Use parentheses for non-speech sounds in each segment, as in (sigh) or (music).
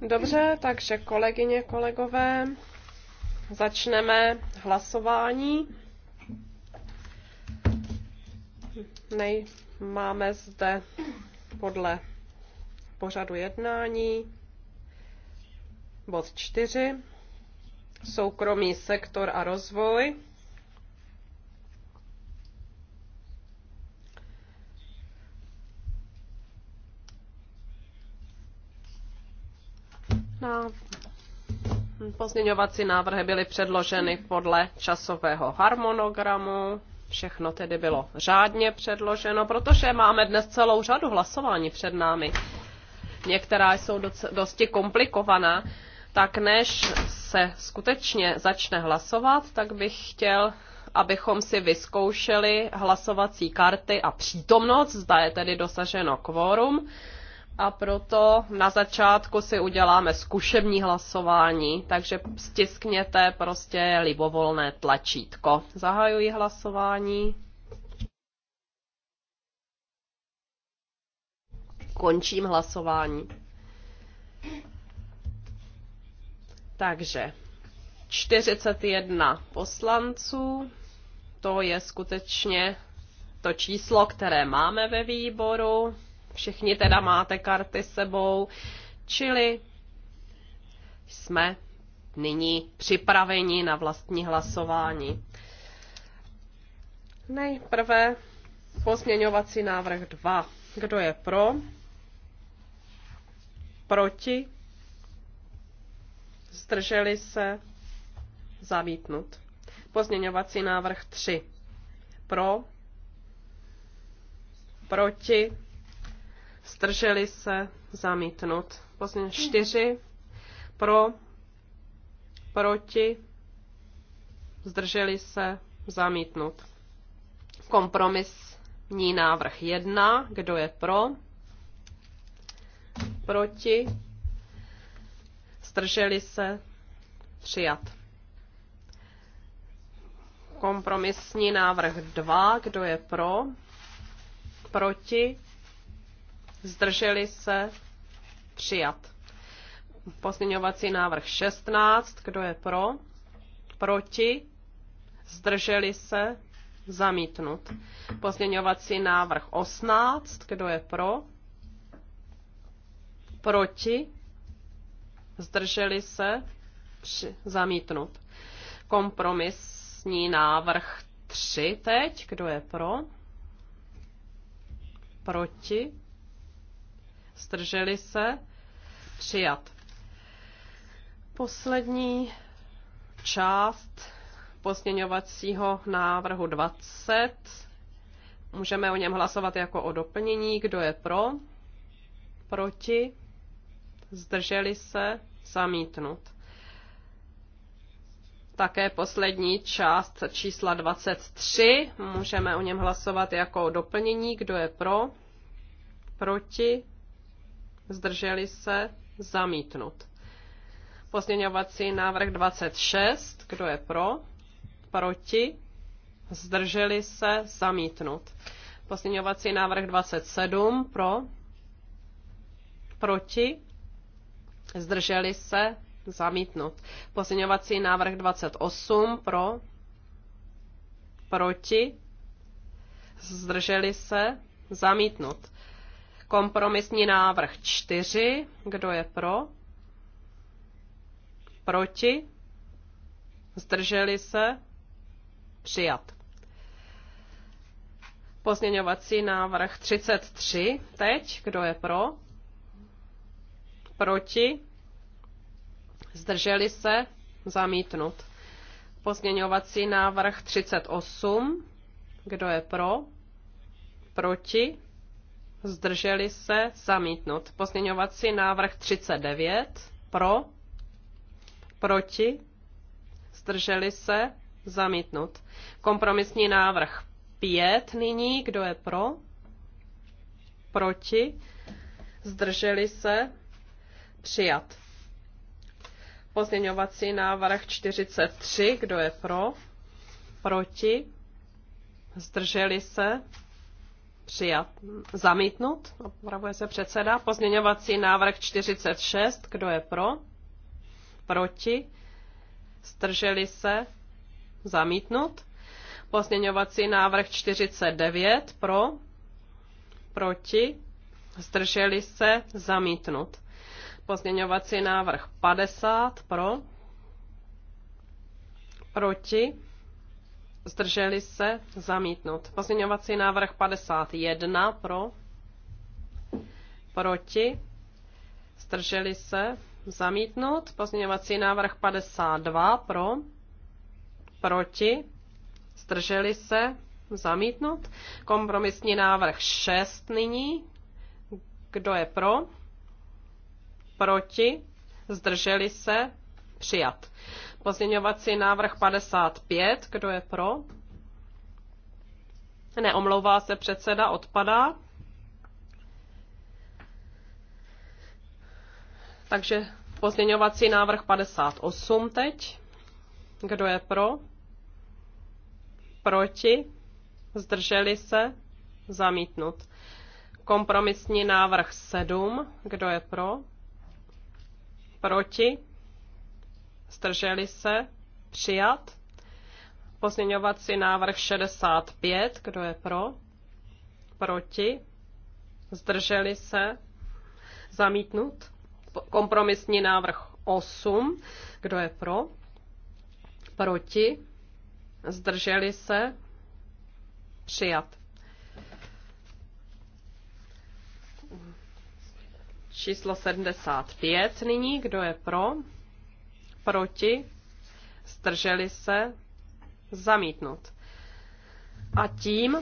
Dobře, takže kolegyně, kolegové, začneme hlasování. Nej, máme zde podle pořadu jednání bod 4, soukromý sektor a rozvoj. Na pozměňovací návrhy byly předloženy podle časového harmonogramu. Všechno tedy bylo řádně předloženo, protože máme dnes celou řadu hlasování před námi. Některá jsou dosti komplikovaná. Tak než se skutečně začne hlasovat, tak bych chtěl abychom si vyzkoušeli hlasovací karty a přítomnost, zda je tedy dosaženo kvórum. A proto na začátku si uděláme zkušební hlasování, takže stiskněte prostě libovolné tlačítko. Zahajuji hlasování. Končím hlasování. Takže 41 poslanců, to je skutečně to číslo, které máme ve výboru Všichni teda máte karty sebou, čili jsme nyní připraveni na vlastní hlasování. Nejprve pozměňovací návrh 2. Kdo je pro? Proti? Zdrželi se? Zamítnut. Pozměňovací návrh 3. Pro? Proti? Zdrželi se zamítnut. Pozměn čtyři pro, proti, zdrželi se zamítnut. Kompromisní návrh jedna, Kdo je pro? Proti? Zdrželi se? Přijat. Kompromisní návrh 2. Kdo je pro? Proti? zdrželi se, přijat. Pozměňovací návrh 16, kdo je pro, proti, zdrželi se, zamítnut. Pozměňovací návrh 18, kdo je pro, proti, zdrželi se, při, zamítnut. Kompromisní návrh 3 teď, kdo je pro, proti, Zdrželi se? Přijat. Poslední část pozměňovacího návrhu 20. Můžeme o něm hlasovat jako o doplnění. Kdo je pro? Proti? Zdrželi se? Zamítnut. Také poslední část čísla 23. Můžeme o něm hlasovat jako o doplnění. Kdo je pro? Proti? zdrželi se, zamítnut. Pozměňovací návrh 26, kdo je pro, proti, zdrželi se, zamítnut. Pozměňovací návrh 27, pro, proti, zdrželi se, zamítnut. Pozměňovací návrh 28, pro, proti, zdrželi se, zamítnut. Kompromisní návrh 4. Kdo je pro? Proti? Zdrželi se? Přijat. Pozměňovací návrh 33. Teď, kdo je pro? Proti? Zdrželi se? Zamítnut. Pozměňovací návrh 38. Kdo je pro? Proti? zdrželi se, zamítnut. Pozměňovací návrh 39, pro, proti, zdrželi se, zamítnut. Kompromisní návrh 5 nyní, kdo je pro, proti, zdrželi se, přijat. Pozměňovací návrh 43, kdo je pro, proti, zdrželi se, Přijat. Zamítnut. Opravuje se předseda. Pozměňovací návrh 46. Kdo je pro? Proti. Strželi se. Zamítnut. Pozměňovací návrh 49. Pro. Proti. Zdrželi se. Zamítnut. Pozměňovací návrh 50. Pro. Proti zdrželi se, zamítnout Pozměňovací návrh 51 pro, proti, zdrželi se, zamítnout Pozměňovací návrh 52 pro, proti, zdrželi se, zamítnout Kompromisní návrh 6 nyní. Kdo je pro? Proti, zdrželi se, přijat. Pozměňovací návrh 55, kdo je pro? Neomlouvá se předseda, odpadá. Takže pozměňovací návrh 58 teď. Kdo je pro? Proti? Zdrželi se? Zamítnut. Kompromisní návrh 7. Kdo je pro? Proti? Zdrželi se? Přijat. Pozměňovací návrh 65. Kdo je pro? Proti? Zdrželi se? Zamítnut. Kompromisní návrh 8. Kdo je pro? Proti? Zdrželi se? Přijat. Číslo 75 nyní. Kdo je pro? proti, zdrželi se, zamítnut. A tím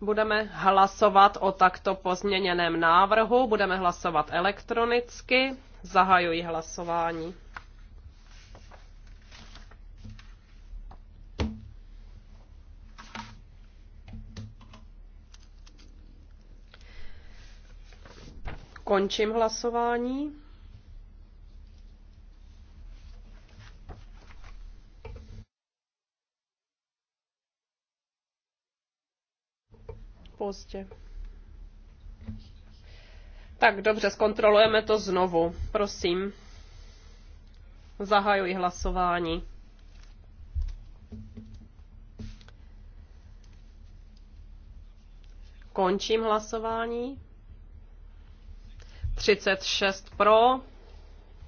budeme hlasovat o takto pozměněném návrhu. Budeme hlasovat elektronicky. Zahajuji hlasování. Končím hlasování. pozdě. Tak dobře, zkontrolujeme to znovu. Prosím. Zahajuji hlasování. Končím hlasování. 36 pro,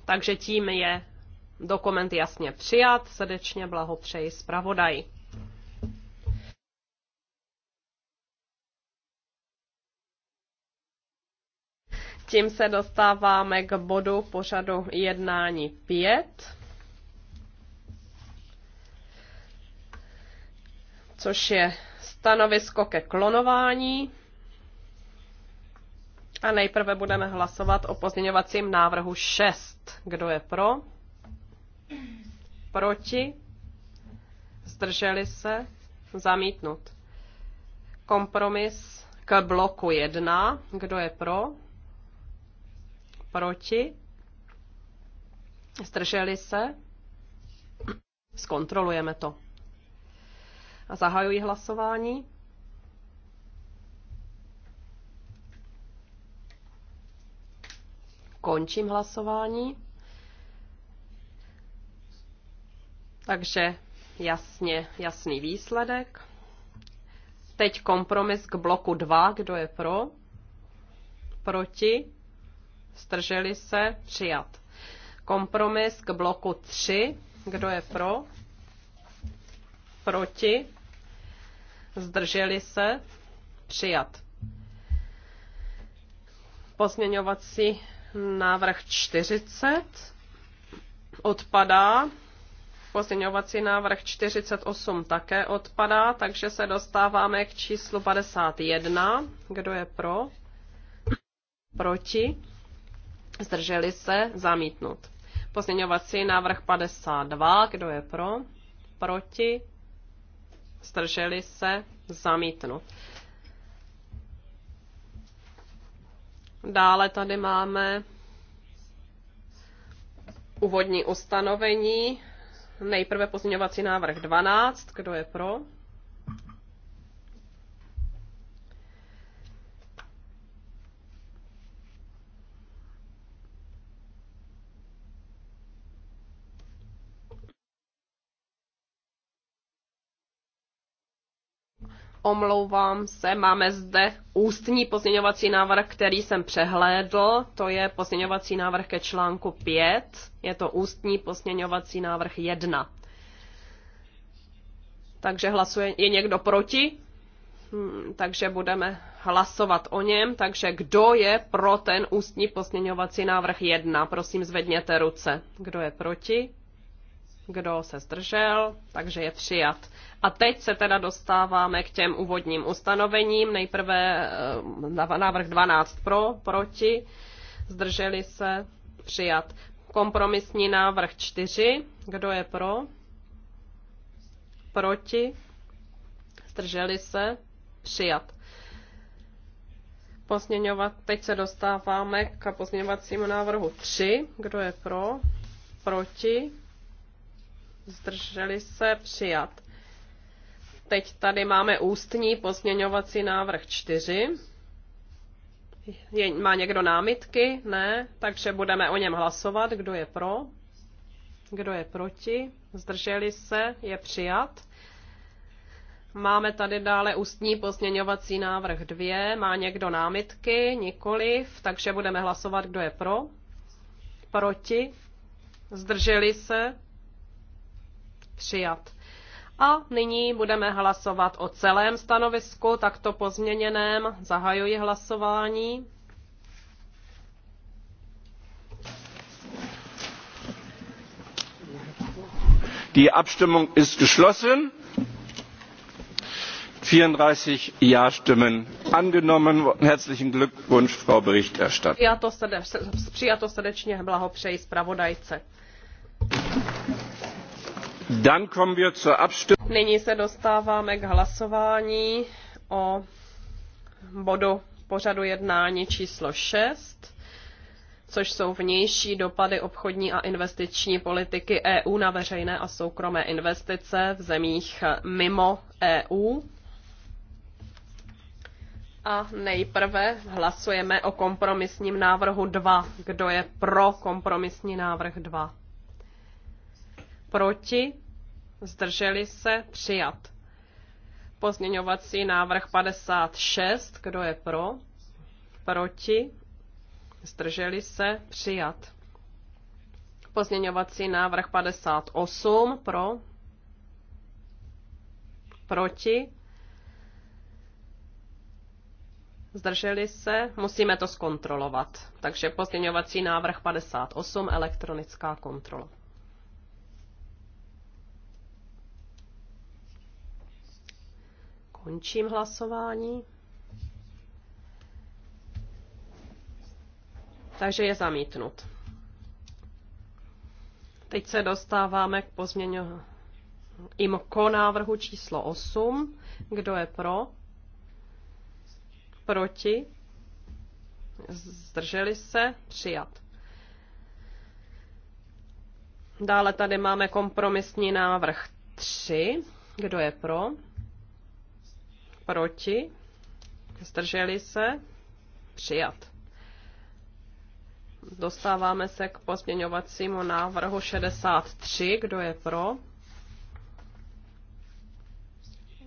takže tím je dokument jasně přijat. Srdečně blahopřeji zpravodaj. Tím se dostáváme k bodu pořadu jednání 5, což je stanovisko ke klonování. A nejprve budeme hlasovat o pozměňovacím návrhu 6. Kdo je pro? Proti? Zdrželi se? Zamítnut. Kompromis k bloku 1. Kdo je pro? Proti? Zdrželi se? Zkontrolujeme to. A zahajuji hlasování. Končím hlasování. Takže jasně, jasný výsledek. Teď kompromis k bloku 2. Kdo je pro? Proti? Zdrželi se? Přijat. Kompromis k bloku 3. Kdo je pro? Proti? Zdrželi se? Přijat. Pozměňovací návrh 40 odpadá. Pozměňovací návrh 48 také odpadá, takže se dostáváme k číslu 51. Kdo je pro? Proti? Zdrželi se? Zamítnut. Pozměňovací návrh 52. Kdo je pro? Proti? Zdrželi se? Zamítnut. Dále tady máme úvodní ustanovení. Nejprve pozměňovací návrh 12. Kdo je pro? Omlouvám se, máme zde ústní pozměňovací návrh, který jsem přehlédl. To je pozměňovací návrh ke článku 5. Je to ústní pozměňovací návrh 1. Takže hlasuje, je někdo proti? Hmm, takže budeme hlasovat o něm. Takže kdo je pro ten ústní pozměňovací návrh 1? Prosím, zvedněte ruce. Kdo je proti? kdo se zdržel, takže je přijat. A teď se teda dostáváme k těm úvodním ustanovením. Nejprve eh, návrh 12 pro, proti, zdrželi se, přijat. Kompromisní návrh 4, kdo je pro, proti, zdrželi se, přijat. Posměňovat, teď se dostáváme k pozměňovacímu návrhu 3, kdo je pro, proti, zdrželi se, přijat. Teď tady máme ústní pozměňovací návrh 4. Je, má někdo námitky? Ne, takže budeme o něm hlasovat. Kdo je pro? Kdo je proti? Zdrželi se? Je přijat. Máme tady dále ústní pozměňovací návrh 2. Má někdo námitky? Nikoliv. Takže budeme hlasovat, kdo je pro? Proti? Zdrželi se? Přijat. A nyní budeme hlasovat o celém stanovisku, takto pozměněném. Zahajuji hlasování. Die Abstimmung ist geschlossen. 34 Ja-Stimmen angenommen. Herzlichen Glückwunsch, Frau Berichterstatterin. Přijato, srdečně blahopřeji zpravodajce. Nyní se dostáváme k hlasování o bodu pořadu jednání číslo šest, což jsou vnější dopady obchodní a investiční politiky EU na veřejné a soukromé investice v zemích mimo EU. A nejprve hlasujeme o kompromisním návrhu 2. Kdo je pro kompromisní návrh 2? Proti? zdrželi se, přijat. Pozměňovací návrh 56, kdo je pro, proti, zdrželi se, přijat. Pozměňovací návrh 58, pro, proti, zdrželi se, musíme to zkontrolovat. Takže pozměňovací návrh 58, elektronická kontrola. Končím hlasování. Takže je zamítnut. Teď se dostáváme k pozměňování IMCO návrhu číslo 8. Kdo je pro? Proti? Zdrželi se? Přijat. Dále tady máme kompromisní návrh 3. Kdo je pro? Proti? Zdrželi se? Přijat. Dostáváme se k pozměňovacímu návrhu 63. Kdo je pro?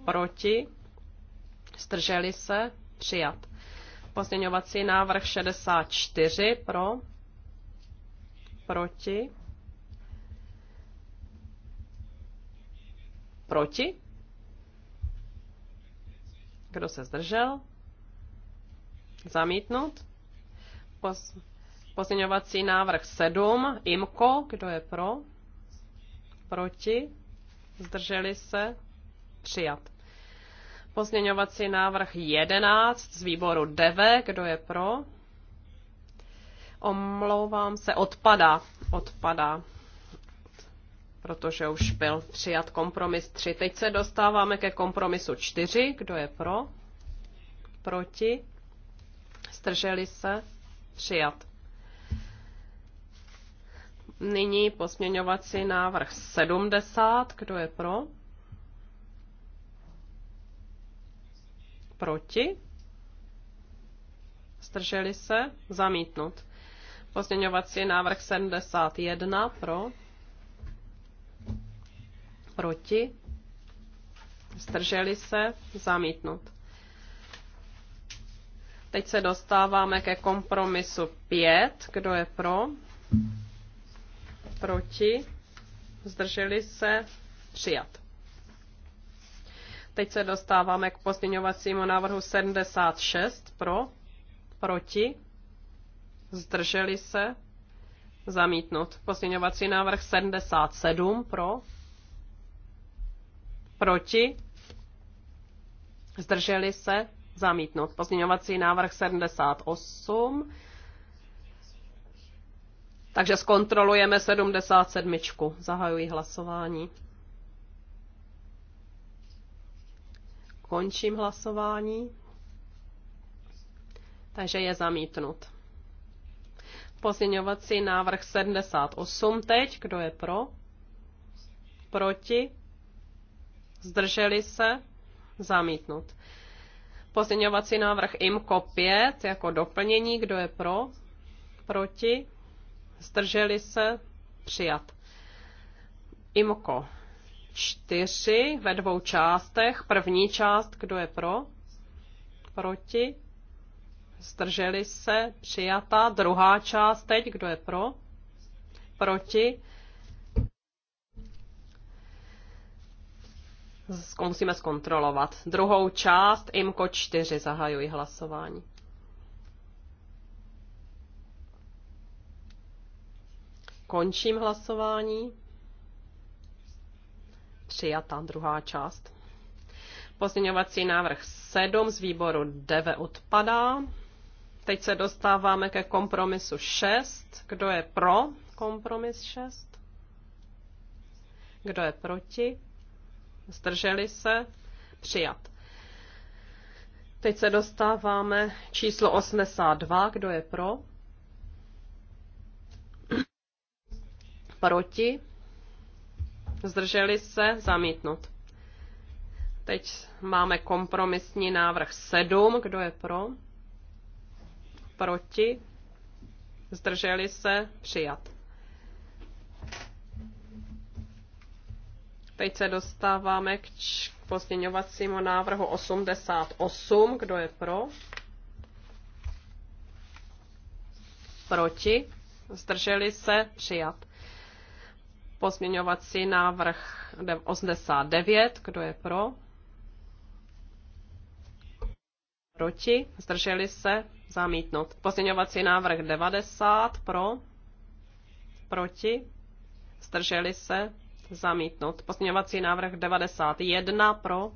Proti? Zdrželi se? Přijat. Pozměňovací návrh 64 pro? Proti? Proti? Kdo se zdržel? Zamítnut. Pos- pozměňovací návrh 7. Imko. Kdo je pro? Proti? Zdrželi se? Přijat. Pozměňovací návrh 11 z výboru 9. Kdo je pro? Omlouvám se. Odpada. Odpada protože už byl přijat kompromis 3. Teď se dostáváme ke kompromisu 4. Kdo je pro? Proti? Strželi se? Přijat. Nyní posměňovací návrh 70. Kdo je pro? Proti? Strželi se? Zamítnut. Posměňovací návrh 71. Pro? proti, zdrželi se, zamítnut. Teď se dostáváme ke kompromisu 5. Kdo je pro? Proti? Zdrželi se? Přijat. Teď se dostáváme k pozměňovacímu návrhu 76. Pro? Proti? Zdrželi se? Zamítnut. Pozměňovací návrh 77. Pro? Proti? Zdrželi se? Zamítnout. Pozměňovací návrh 78. Takže zkontrolujeme 77. Zahajuji hlasování. Končím hlasování. Takže je zamítnut. Pozměňovací návrh 78 teď. Kdo je pro? Proti? zdrželi se, zamítnut. Pozměňovací návrh IMKO 5 jako doplnění, kdo je pro, proti, zdrželi se, přijat. IMKO 4 ve dvou částech. První část, kdo je pro, proti, zdrželi se, přijata. Druhá část teď, kdo je pro, proti, musíme zkontrolovat. Druhou část IMKO 4 zahajuji hlasování. Končím hlasování. Přijatá druhá část. Pozměňovací návrh 7 z výboru 9 odpadá. Teď se dostáváme ke kompromisu 6. Kdo je pro kompromis 6? Kdo je proti? Zdrželi se? Přijat. Teď se dostáváme číslo 82. Kdo je pro? Proti? Zdrželi se? Zamítnut. Teď máme kompromisní návrh 7. Kdo je pro? Proti? Zdrželi se? Přijat. Teď se dostáváme k pozměňovacímu návrhu 88. Kdo je pro? Proti? Zdrželi se? Přijat. Pozměňovací návrh 89. Kdo je pro? Proti? Zdrželi se? Zamítnout. Pozměňovací návrh 90. Pro? Proti? Zdrželi se? Zamítnout. Pozměňovací návrh 91 pro.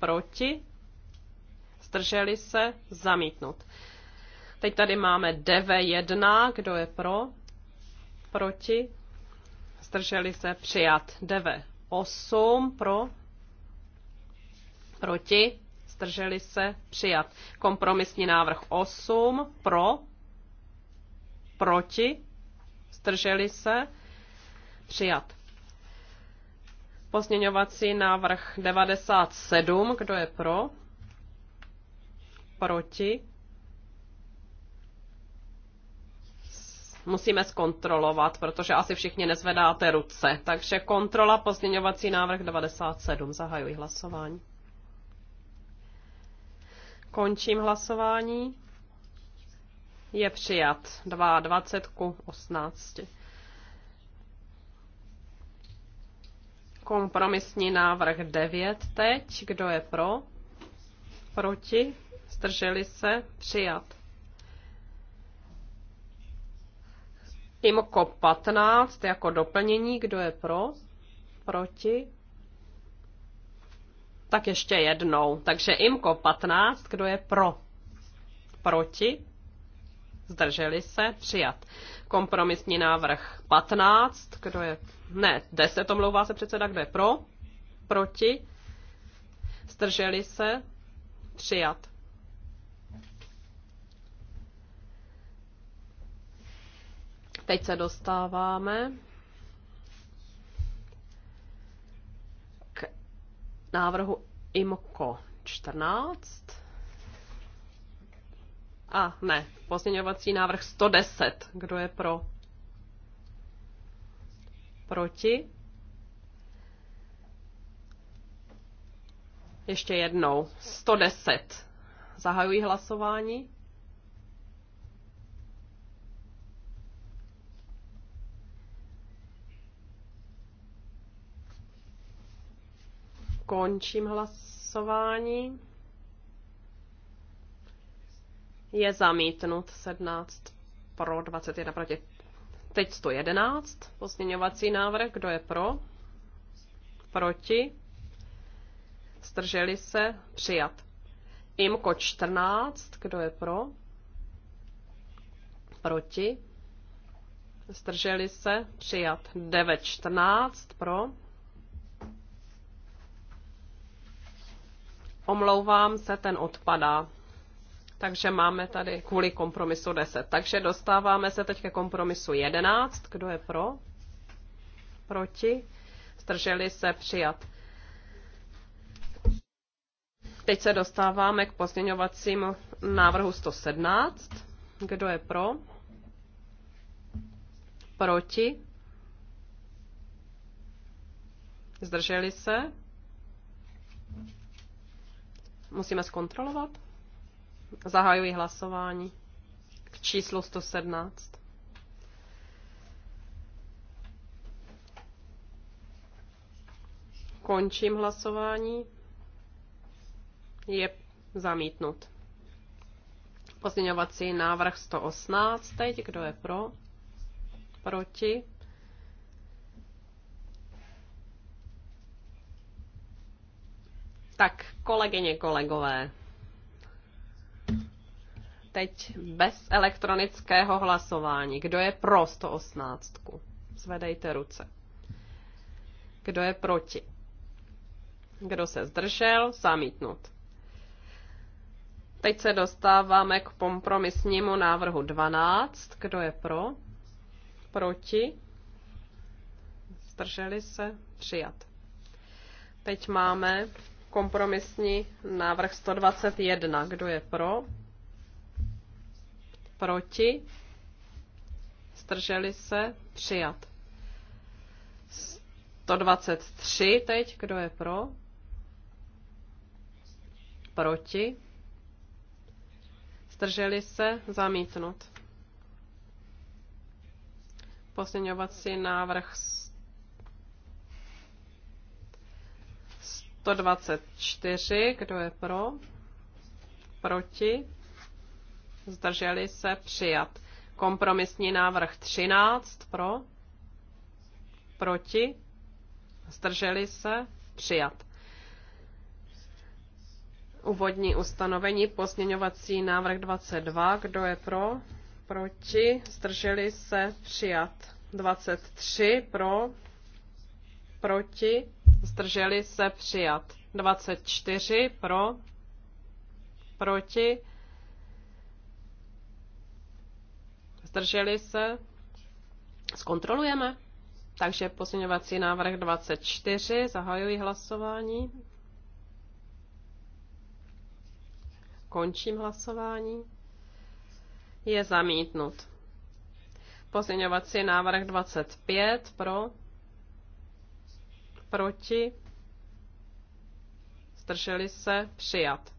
Proti. Zdrželi se. Zamítnout. Teď tady máme DV1. Kdo je pro? Proti. Zdrželi se. Přijat. DV8 pro. Proti. Zdrželi se. Přijat. Kompromisní návrh 8 pro proti, zdrželi se, přijat. Pozměňovací návrh 97, kdo je pro? Proti? Musíme zkontrolovat, protože asi všichni nezvedáte ruce. Takže kontrola pozměňovací návrh 97. Zahajuji hlasování. Končím hlasování je přijat 22 ku 18. Kompromisní návrh 9 teď. Kdo je pro? Proti? Zdrželi se? Přijat. IMKO 15 jako doplnění. Kdo je pro? Proti? Tak ještě jednou. Takže IMKO 15, kdo je pro? Proti? zdrželi se, přijat. Kompromisní návrh 15, kdo je, ne, 10 omlouvá se předseda, kdo je pro, proti, zdrželi se, přijat. Teď se dostáváme k návrhu IMCO 14. A ne, pozměňovací návrh 110. Kdo je pro? Proti? Ještě jednou. 110. Zahajuji hlasování. Končím hlasování je zamítnut 17 pro 21 proti. Teď 111 pozměňovací návrh. Kdo je pro? Proti? strželi se? Přijat. Imko 14. Kdo je pro? Proti? strželi se? Přijat. 914 pro. Omlouvám se, ten odpadá. Takže máme tady kvůli kompromisu 10. Takže dostáváme se teď ke kompromisu 11. Kdo je pro? Proti? Zdrželi se přijat. Teď se dostáváme k pozměňovacímu návrhu 117. Kdo je pro? Proti? Zdrželi se? Musíme zkontrolovat. Zahajuji hlasování k číslu 117. Končím hlasování. Je zamítnut. Pozměňovací návrh 118. Teď kdo je pro? Proti? Tak, kolegyně, kolegové, teď bez elektronického hlasování. Kdo je pro 118? Zvedejte ruce. Kdo je proti? Kdo se zdržel? Zamítnut. Teď se dostáváme k kompromisnímu návrhu 12. Kdo je pro? Proti? Zdrželi se? Přijat. Teď máme kompromisní návrh 121. Kdo je pro? proti, zdrželi se, přijat. 123 teď, kdo je pro, proti, zdrželi se, zamítnut. Posměňovací návrh 124, kdo je pro, proti, zdrželi se přijat. Kompromisní návrh 13 pro, proti, zdrželi se přijat. Úvodní ustanovení, posměňovací návrh 22, kdo je pro, proti, zdrželi se přijat. 23 pro, proti, zdrželi se přijat. 24 pro, proti, zdrželi se, zkontrolujeme. Takže posuňovací návrh 24, zahajuji hlasování. Končím hlasování. Je zamítnut. Pozměňovací návrh 25 pro, proti, zdrželi se, přijat.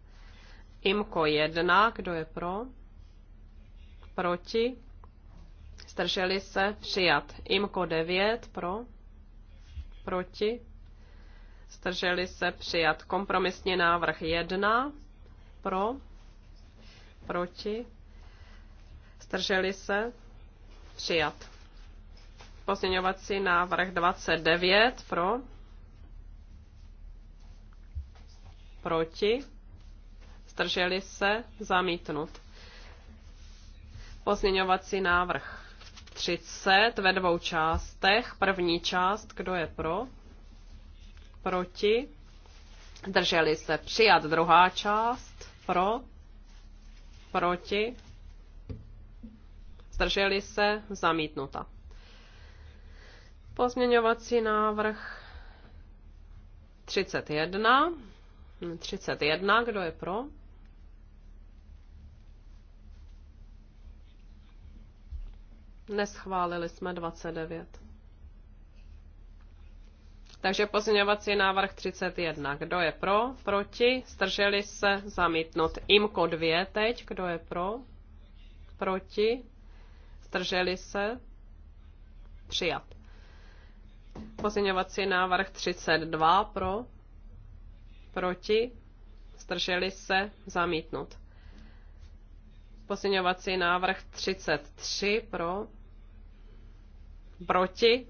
IMKO 1, kdo je pro, proti, zdrželi se, přijat. IMKO 9 pro, proti, zdrželi se, přijat. Kompromisní návrh 1 pro, proti, zdrželi se, přijat. Pozměňovací návrh 29 pro, proti, zdrželi se, zamítnut. Pozměňovací návrh 30 ve dvou částech. První část, kdo je pro? Proti? Drželi se přijat. Druhá část, pro? Proti? Zdrželi se zamítnuta. Pozměňovací návrh 31. 31, kdo je pro? Neschválili jsme 29. Takže pozměňovací návrh 31. Kdo je pro? Proti? Strželi se? Zamítnut. Imko 2 teď. Kdo je pro? Proti? Strželi se? Přijat. Pozměňovací návrh 32. Pro? Proti? Strželi se? Zamítnut. Pozměňovací návrh 33. Pro? Proti?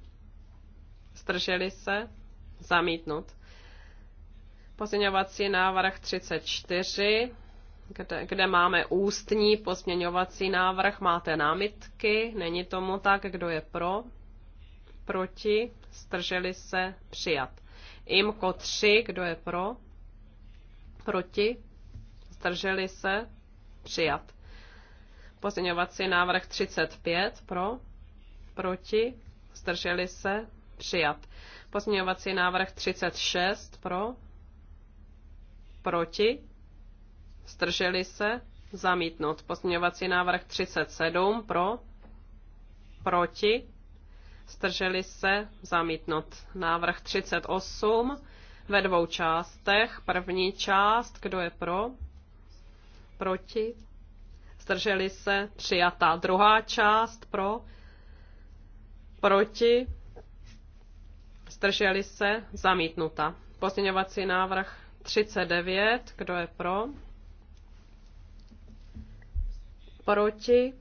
strželi se? Zamítnut. Pozměňovací návrh 34, kde, kde máme ústní pozměňovací návrh. Máte námitky? Není tomu tak. Kdo je pro? Proti? strželi se? Přijat. IMKO 3, kdo je pro? Proti? strželi se? Přijat. Pozměňovací návrh 35 pro, proti, zdrželi se, přijat. Pozměňovací návrh 36 pro, proti, zdrželi se, zamítnut. Pozměňovací návrh 37 pro, proti, zdrželi se, zamítnut. Návrh 38 ve dvou částech. První část, kdo je pro, proti, zdrželi se, přijatá. Druhá část pro, proti, strželi se, zamítnuta. Pozměňovací návrh 39, kdo je pro, proti,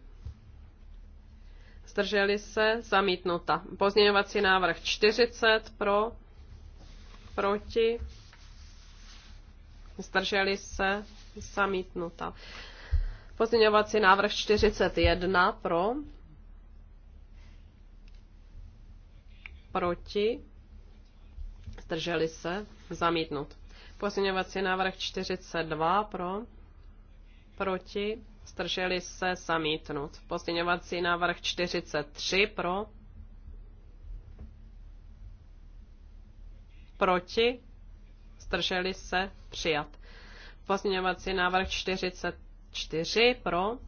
strželi se, zamítnuta. Pozměňovací návrh 40, pro, proti, strželi se, zamítnuta. Pozměňovací návrh 41 pro, proti, zdrželi se, zamítnut. Pozměňovací návrh 42 pro, proti, zdrželi se, zamítnut. Pozměňovací návrh 43 pro, proti, zdrželi se, přijat. Pozměňovací návrh 44 pro,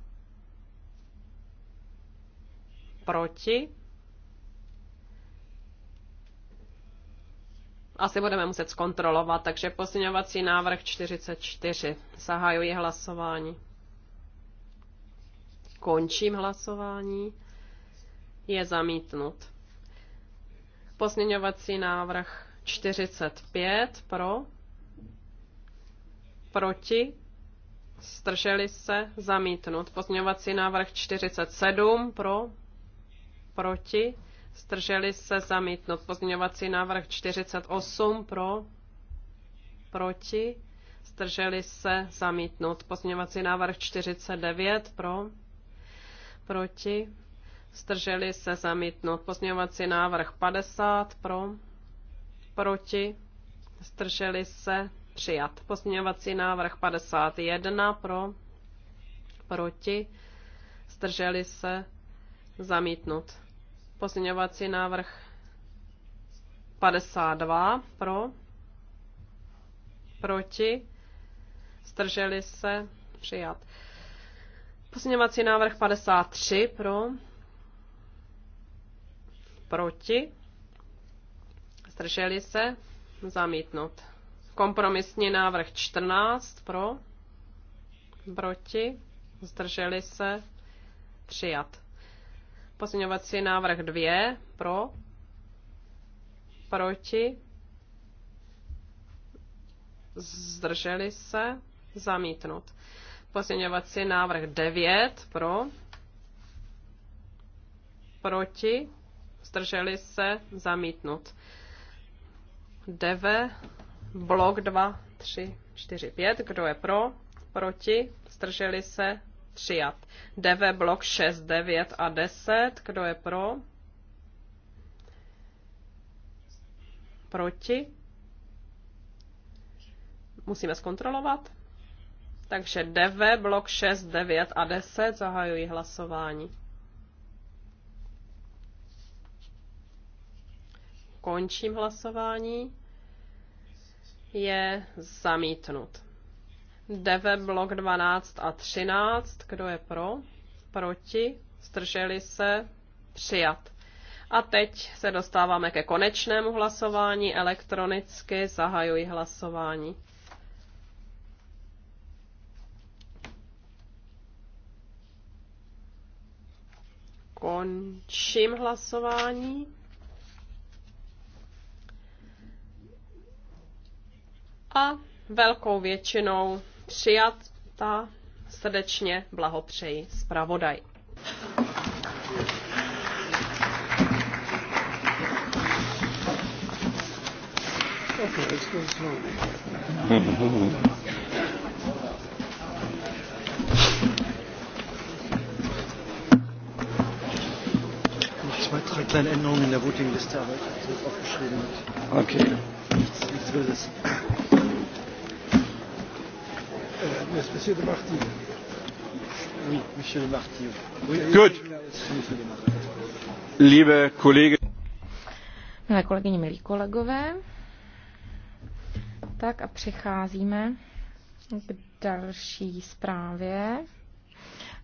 proti, asi budeme muset zkontrolovat, takže pozměňovací návrh 44. Zahajuji hlasování. Končím hlasování. Je zamítnut. Posměňovací návrh 45 pro, proti, strželi se, zamítnut. Posměňovací návrh 47 pro, proti, Zdrželi se zamítnout. Pozměňovací návrh 48 pro, proti. Zdrželi se zamítnout. Pozměňovací návrh 49 pro, proti. Zdrželi se zamítnout. Pozměňovací návrh 50 pro, proti. Zdrželi se přijat. Pozměňovací návrh 51 pro, proti. Zdrželi se zamítnout. Pozměňovací návrh 52 pro, proti, strželi se, přijat. Pozměňovací návrh 53 pro, proti, strželi se, zamítnut. Kompromisní návrh 14 pro, proti, zdrželi se, přijat. Pozměňovací návrh 2 pro, proti, zdrželi se, zamítnut. Pozměňovací návrh 9 pro, proti, zdrželi se, zamítnut. DV, blok 2, 3, 4, 5, kdo je pro, proti, zdrželi se, přijat. DV blok 6, 9 a 10, kdo je pro? Proti? Musíme zkontrolovat. Takže DV blok 6, 9 a 10 zahajují hlasování. Končím hlasování. Je zamítnut. Deve blok 12 a 13. Kdo je pro? Proti? Zdrželi se? Přijat. A teď se dostáváme ke konečnému hlasování. Elektronicky zahajuji hlasování. Končím hlasování. A velkou většinou ta Srdečně blahopřeji zpravodaj. drei kleine Änderungen in der aber ich habe es aufgeschrieben. Okay. Nichts, nichts Wildes. Euh, monsieur de Marty. Oui, Monsieur de Marty. Good. Liebe Kollegen. Milé kolegyně, milí kolegové, tak a přecházíme k další zprávě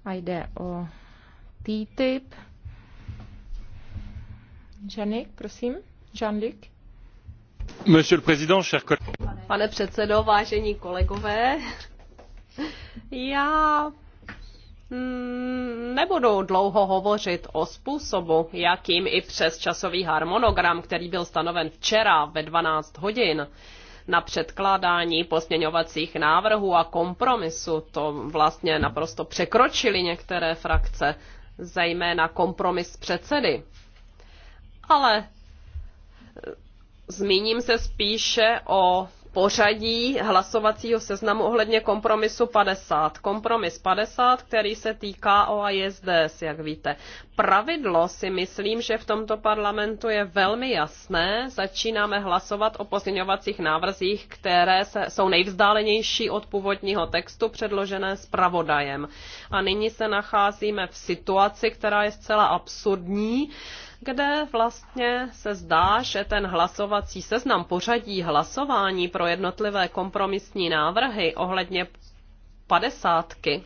a jde o TTIP. Janik, prosím. Janik. Monsieur le Président, chers collègues. Pane předsedo, vážení kolegové, já mm, nebudu dlouho hovořit o způsobu, jakým i přes časový harmonogram, který byl stanoven včera ve 12 hodin, na předkládání posměňovacích návrhů a kompromisu. To vlastně naprosto překročili některé frakce, zejména kompromis předsedy. Ale e, zmíním se spíše o pořadí hlasovacího seznamu ohledně kompromisu 50. Kompromis 50, který se týká OISDS, jak víte. Pravidlo si myslím, že v tomto parlamentu je velmi jasné. Začínáme hlasovat o pozměňovacích návrzích, které se, jsou nejvzdálenější od původního textu předložené zpravodajem. A nyní se nacházíme v situaci, která je zcela absurdní kde vlastně se zdá, že ten hlasovací seznam pořadí hlasování pro jednotlivé kompromisní návrhy ohledně padesátky,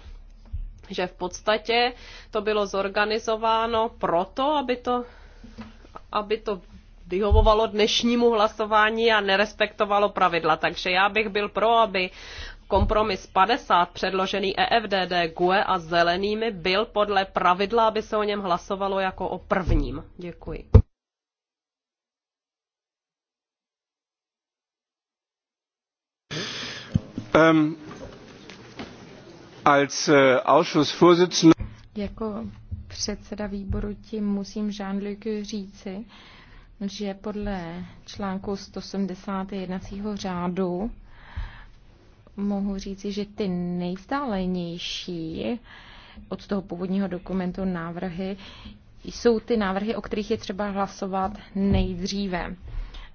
že v podstatě to bylo zorganizováno proto, aby to, aby to vyhovovalo dnešnímu hlasování a nerespektovalo pravidla. Takže já bych byl pro, aby kompromis 50 předložený EFDD, GUE a zelenými byl podle pravidla, aby se o něm hlasovalo jako o prvním. Děkuji. Um, als uh, jako předseda výboru tím musím Jean-Luc říci, že podle článku 180 jednacího řádu mohu říci, že ty nejvzdálenější od toho původního dokumentu návrhy jsou ty návrhy, o kterých je třeba hlasovat nejdříve.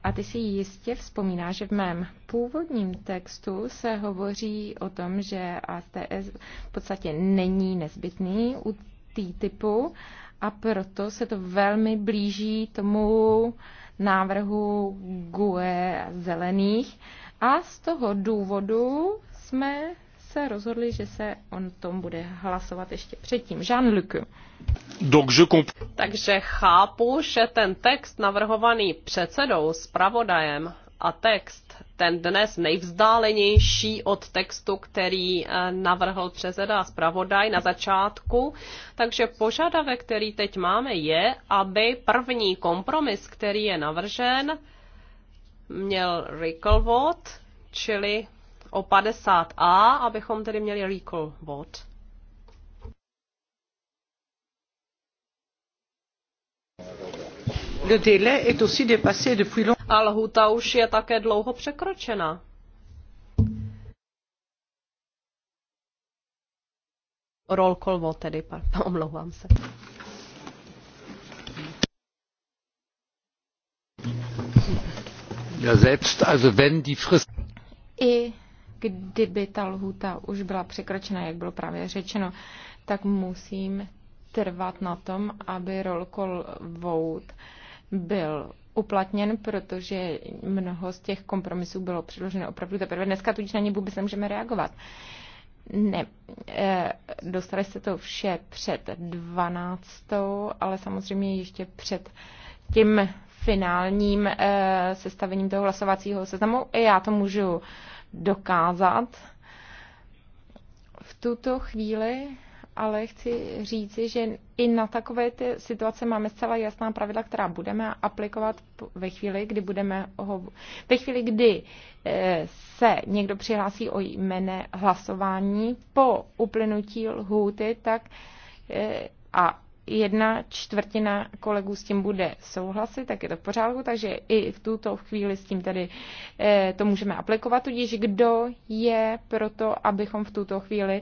A ty si jistě vzpomíná, že v mém původním textu se hovoří o tom, že ASTS v podstatě není nezbytný u té typu a proto se to velmi blíží tomu návrhu GUE zelených a z toho důvodu jsme se rozhodli, že se on tom bude hlasovat ještě předtím. Jean-Luc. Takže chápu, že ten text navrhovaný předsedou, pravodajem a text ten dnes nejvzdálenější od textu, který eh, navrhl předseda zpravodaj na začátku. Takže požadavek, který teď máme, je, aby první kompromis, který je navržen, měl recall vod, čili o 50A, abychom tedy měli recall vod. Le délai est aussi dépassé depuis A lhuta už je také dlouho překročena. Roll call vote tedy, omlouvám se. I kdyby ta lhůta už byla překročena, jak bylo právě řečeno, tak musím trvat na tom, aby roll call vote byl uplatněn, protože mnoho z těch kompromisů bylo předloženo opravdu teprve dneska, tudíž na ně vůbec nemůžeme reagovat. Ne, eh, dostali jste to vše před 12, ale samozřejmě ještě před tím finálním eh, sestavením toho hlasovacího seznamu. Já to můžu dokázat v tuto chvíli, ale chci říci, že i na takové ty situace máme zcela jasná pravidla, která budeme aplikovat ve chvíli, kdy budeme ho... ve chvíli, kdy eh, se někdo přihlásí o jméne hlasování po uplynutí lhůty, tak eh, a jedna čtvrtina kolegů s tím bude souhlasit, tak je to v pořádku, takže i v tuto chvíli s tím tedy eh, to můžeme aplikovat, tudíž kdo je pro to, abychom v tuto chvíli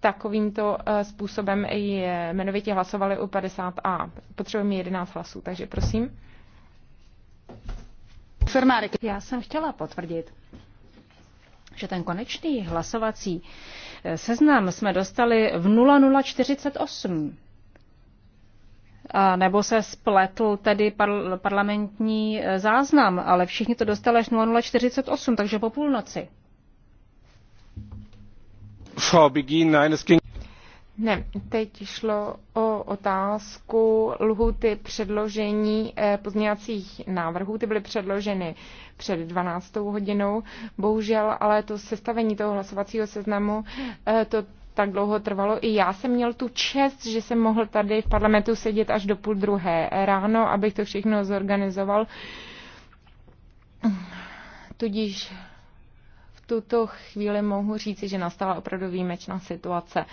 takovýmto eh, způsobem je jmenovitě hlasovali u 50a. Potřebujeme 11 hlasů, takže prosím. Já jsem chtěla potvrdit, že ten konečný hlasovací eh, seznam jsme dostali v 0048. A nebo se spletl tedy par, parlamentní e, záznam, ale všichni to dostali až 0048, takže po půlnoci. Ne, teď šlo o otázku lhuty předložení e, pozměňovacích návrhů. Ty byly předloženy před 12. hodinou. Bohužel, ale to sestavení toho hlasovacího seznamu, e, to tak dlouho trvalo. I já jsem měl tu čest, že jsem mohl tady v parlamentu sedět až do půl druhé ráno, abych to všechno zorganizoval. Tudíž v tuto chvíli mohu říci, že nastala opravdu výjimečná situace.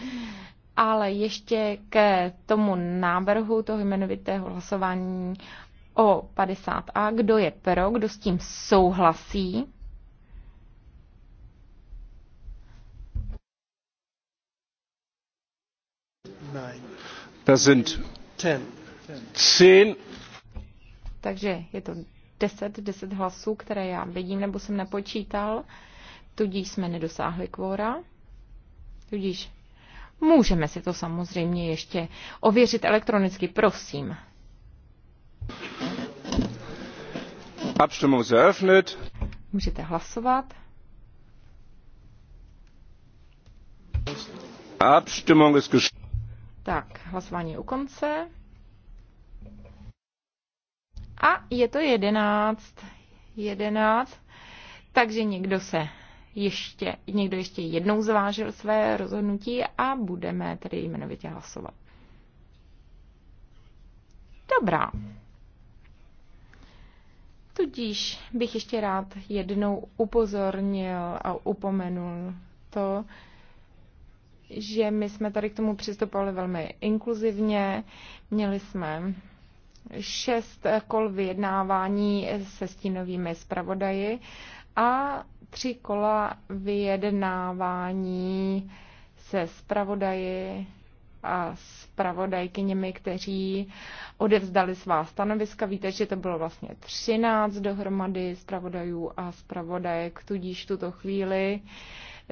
Ale ještě k tomu návrhu toho jmenovitého hlasování o 50a. Kdo je pro, kdo s tím souhlasí? Das sind zehn. Takže je to deset, deset hlasů, které já vidím nebo jsem nepočítal, tudíž jsme nedosáhli kvóra. Tudíž můžeme si to samozřejmě ještě ověřit elektronicky, prosím. Abstimmung eröffnet. Můžete hlasovat. Abstimmung ist tak, hlasování u konce. A je to jedenáct. Jedenáct. Takže někdo se ještě, někdo ještě jednou zvážil své rozhodnutí a budeme tedy jmenovitě hlasovat. Dobrá. Tudíž bych ještě rád jednou upozornil a upomenul to, že my jsme tady k tomu přistupovali velmi inkluzivně. Měli jsme šest kol vyjednávání se stínovými zpravodaji a tři kola vyjednávání se zpravodaji a zpravodajkyněmi, kteří odevzdali svá stanoviska. Víte, že to bylo vlastně 13 dohromady zpravodajů a zpravodajek, tudíž tuto chvíli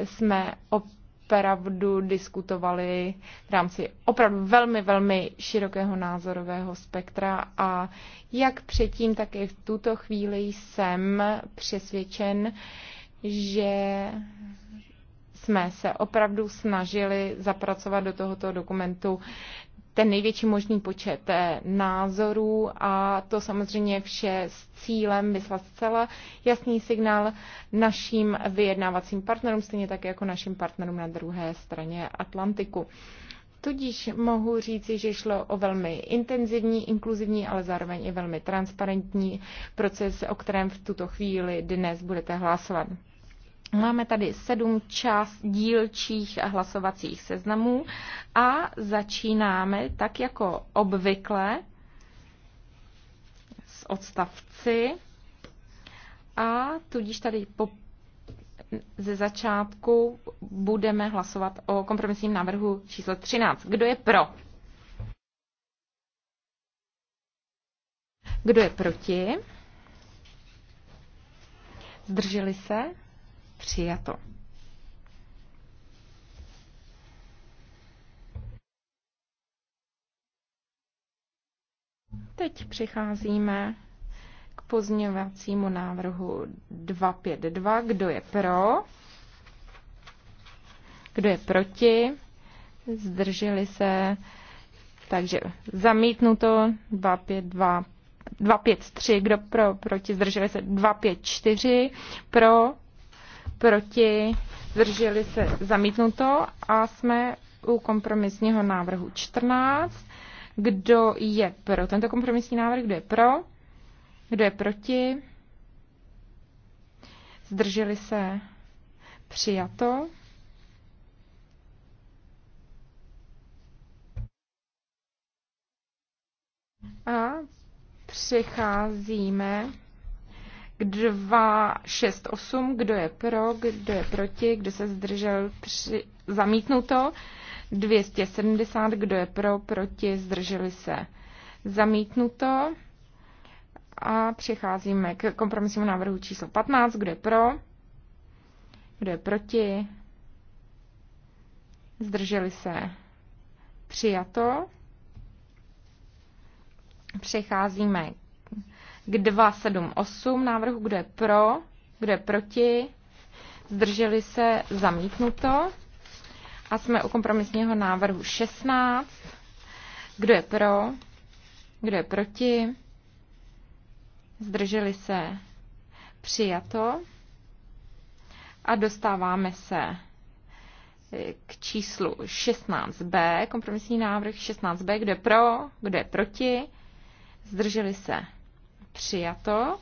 jsme op- opravdu diskutovali v rámci opravdu velmi, velmi širokého názorového spektra a jak předtím, tak i v tuto chvíli jsem přesvědčen, že jsme se opravdu snažili zapracovat do tohoto dokumentu ten největší možný počet eh, názorů a to samozřejmě vše s cílem vyslat zcela jasný signál našim vyjednávacím partnerům, stejně tak jako našim partnerům na druhé straně Atlantiku. Tudíž mohu říci, že šlo o velmi intenzivní, inkluzivní, ale zároveň i velmi transparentní proces, o kterém v tuto chvíli dnes budete hlasovat. Máme tady sedm část dílčích hlasovacích seznamů a začínáme tak jako obvykle s odstavci a tudíž tady po, ze začátku budeme hlasovat o kompromisním návrhu číslo 13. Kdo je pro? Kdo je proti? Zdrželi se? Přijato. Teď přicházíme k pozměňovacímu návrhu 252. Kdo je pro? Kdo je proti? Zdrželi se. Takže zamítnuto 252, 253, kdo pro, proti, zdrželi se 254, pro, proti, zdrželi se zamítnuto a jsme u kompromisního návrhu 14. Kdo je pro tento kompromisní návrh? Kdo je pro? Kdo je proti? Zdrželi se přijato. A přecházíme 268, kdo je pro, kdo je proti, kdo se zdržel, při... zamítnuto. 270, kdo je pro, proti, zdrželi se, zamítnuto. A přecházíme k kompromisnímu návrhu číslo 15, kdo je pro, kdo je proti, zdrželi se, přijato. Přecházíme k 278 návrhu, kdo je pro, kdo je proti, zdrželi se zamítnuto. A jsme u kompromisního návrhu 16. Kdo je pro? Kdo je proti? Zdrželi se přijato. A dostáváme se eh, k číslu 16b, kompromisní návrh 16b, kde pro, kde proti, zdrželi se přijato.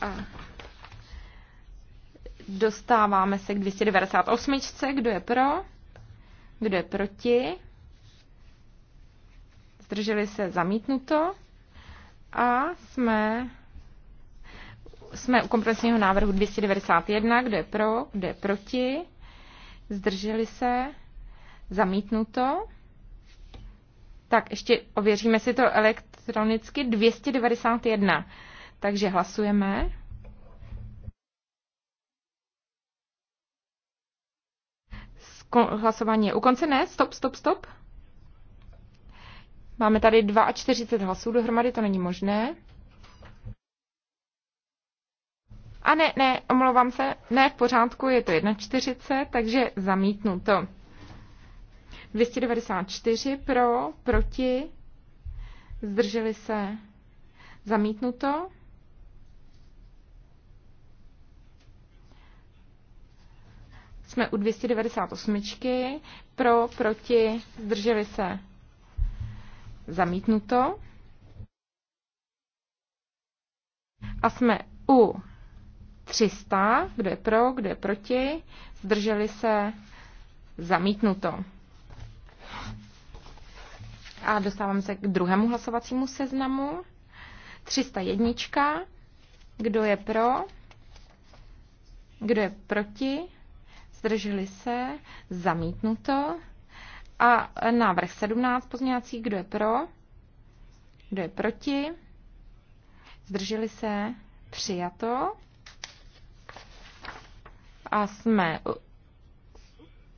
A dostáváme se k 298. Kdo je pro? Kdo je proti? Zdrželi se zamítnuto. A jsme, jsme u kompromisního návrhu 291. Kdo je pro? Kdo je proti? Zdrželi se zamítnuto. Tak ještě ověříme si to elektronicky elektronicky 291. Takže hlasujeme. Hlasování je u konce, ne? Stop, stop, stop. Máme tady 42 hlasů dohromady, to není možné. A ne, ne, omlouvám se, ne, v pořádku, je to 1,40, takže zamítnu to. 294 pro, proti, zdrželi se, zamítnuto. Jsme u 298, pro, proti, zdrželi se, zamítnuto. A jsme u 300, kdo je pro, kdo je proti, zdrželi se, zamítnuto. A dostávám se k druhému hlasovacímu seznamu. 301. Kdo je pro? Kdo je proti? Zdrželi se? Zamítnuto. A návrh 17 pozměňovací. Kdo je pro? Kdo je proti? Zdrželi se? Přijato. A jsme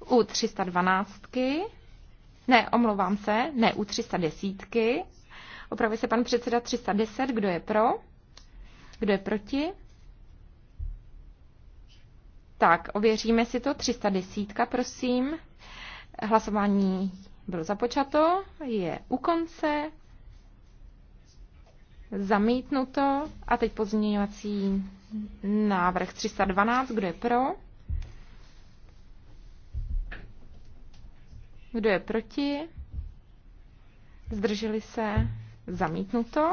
u 312. Ne, omlouvám se, ne u 310. Opravuje se pan předseda 310. Kdo je pro? Kdo je proti? Tak, ověříme si to. 310, prosím. Hlasování bylo započato, je u konce, zamítnuto a teď pozměňovací návrh 312, kdo je pro? Kdo je proti? Zdrželi se? Zamítnuto.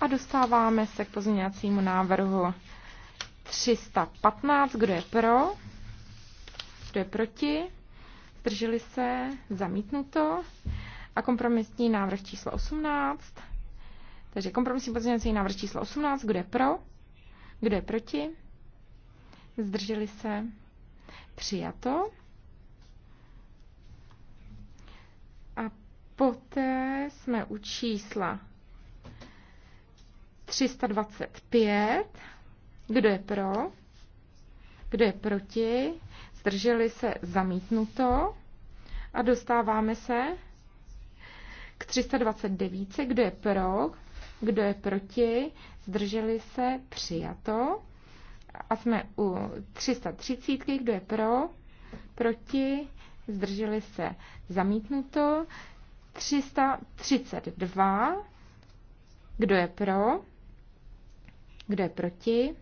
A dostáváme se k pozměňovacímu návrhu 315. Kdo je pro? Kdo je proti? Zdrželi se? Zamítnuto. A kompromisní návrh číslo 18. Takže kompromisní pozměňovací návrh číslo 18. Kdo je pro? Kdo je proti? Zdrželi se? Přijato. Poté jsme u čísla 325. Kdo je pro? Kdo je proti? Zdrželi se zamítnuto. A dostáváme se k 329. Kdo je pro? Kdo je proti? Zdrželi se přijato. A jsme u 330. Kdo je pro? Proti? Zdrželi se zamítnuto. 332. Kdo je pro? Kdo je proti?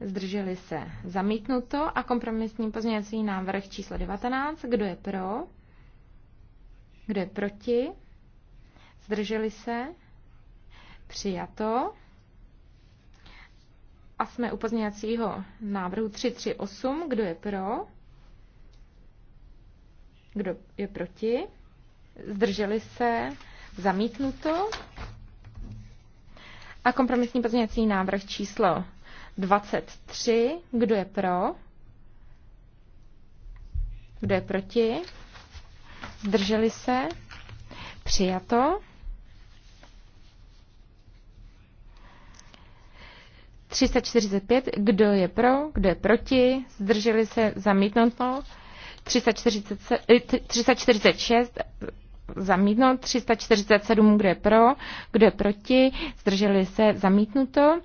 Zdrželi se zamítnuto a kompromisní pozměňovací návrh číslo 19. Kdo je pro? Kdo je proti? Zdrželi se? Přijato. A jsme u pozměňovacího návrhu 338. Kdo je pro? Kdo je proti? zdrželi se, zamítnuto. A kompromisní pozměňovací návrh číslo 23. Kdo je pro? Kdo je proti? Zdrželi se? Přijato. 345. Kdo je pro? Kdo je proti? Zdrželi se? Zamítnuto. 346 zamítnout, 347, kdo je pro, kdo je proti, zdrželi se zamítnuto,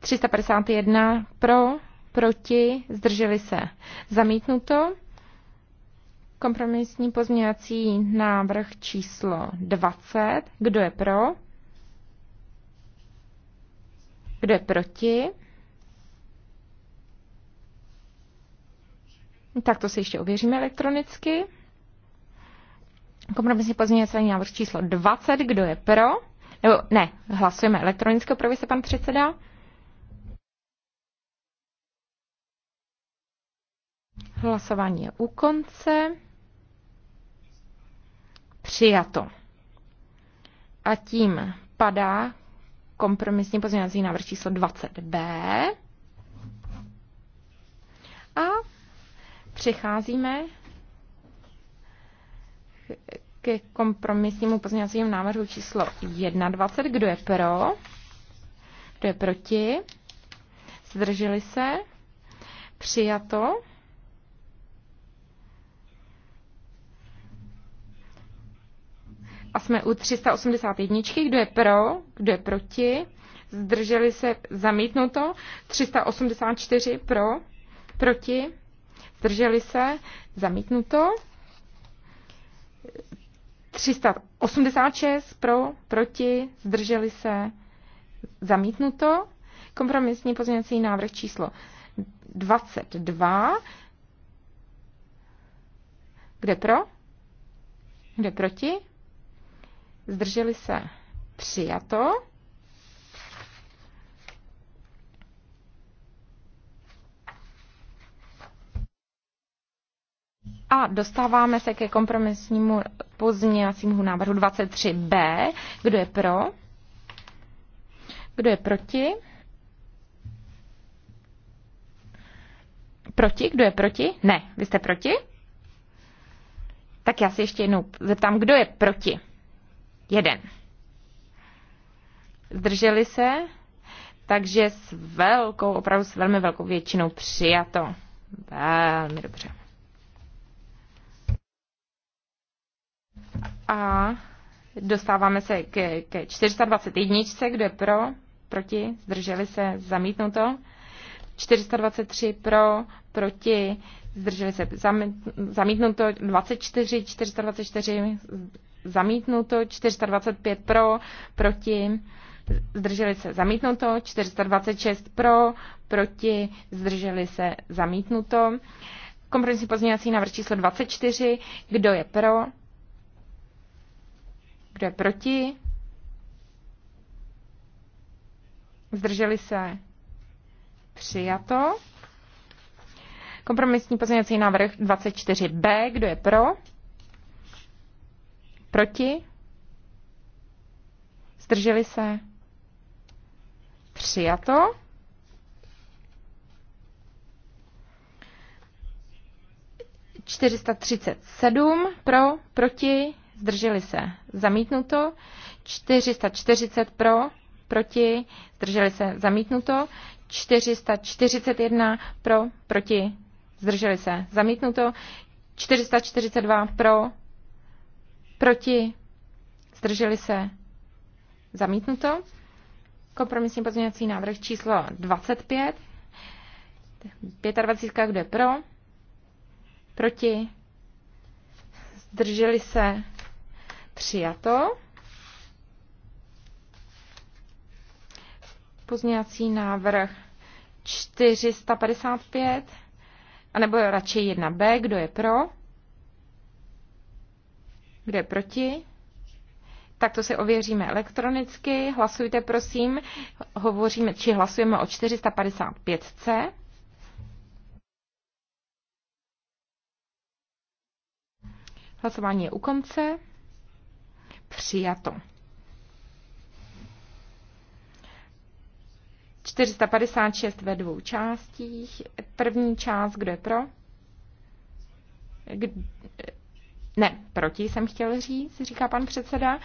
351 pro, proti, zdrželi se zamítnuto, kompromisní pozměňovací návrh číslo 20, kdo je pro, kdo je proti, tak to si ještě ověříme elektronicky. Kompromisní pozměňovací návrh číslo 20. Kdo je pro? Nebo ne, hlasujeme elektronicky, opravdu se pan předseda. Hlasování je u konce. Přijato. A tím padá kompromisní pozměňovací návrh číslo 20b. A přecházíme ke kompromisnímu pozměňovacímu návrhu číslo 21. Kdo je pro? Kdo je proti? Zdrželi se? Přijato? A jsme u 381. Kdo je pro? Kdo je proti? Zdrželi se? Zamítnuto? 384 pro? Proti? Zdrželi se? Zamítnuto? 386 pro, proti, zdrželi se, zamítnuto. Kompromisní pozměňovací návrh číslo 22. Kde pro? Kde proti? Zdrželi se, přijato. A dostáváme se ke kompromisnímu pozměňovacímu návrhu 23b. Kdo je pro? Kdo je proti? Proti? Kdo je proti? Ne, vy jste proti? Tak já se ještě jednou zeptám, kdo je proti? Jeden. Zdrželi se? Takže s velkou, opravdu s velmi velkou většinou přijato. Velmi dobře. A dostáváme se ke, ke 421, kdo je pro, proti, zdrželi se, zamítnuto. 423 pro, proti, zdrželi se, zamítnuto. 24, 424 zamítnuto. 425 pro, proti, zdrželi se, zamítnuto. 426 pro, proti, zdrželi se, zamítnuto. Kompromisní pozměňovací návrh číslo 24, kdo je pro, kdo je proti? Zdrželi se? Přijato. Kompromisní pozměňovací návrh 24b. Kdo je pro? Proti? Zdrželi se? Přijato. Čtyřista třicet sedm pro, proti, zdrželi se, zamítnuto, 440 pro, proti, zdrželi se, zamítnuto, 441 pro, proti, zdrželi se, zamítnuto, 442 pro, proti, zdrželi se, zamítnuto. Kompromisní pozměňovací návrh číslo 25. 25. Kdo je pro? Proti? Zdrželi se? Přijato. Pozměňovací návrh 455, anebo radši 1b, kdo je pro? Kdo je proti? Tak to si ověříme elektronicky. Hlasujte, prosím. Hovoříme, či hlasujeme o 455C. Hlasování je u konce přijato. 456 ve dvou částích. První část, kdo je pro? Kd... Ne, proti jsem chtěl říct, říká pan předseda.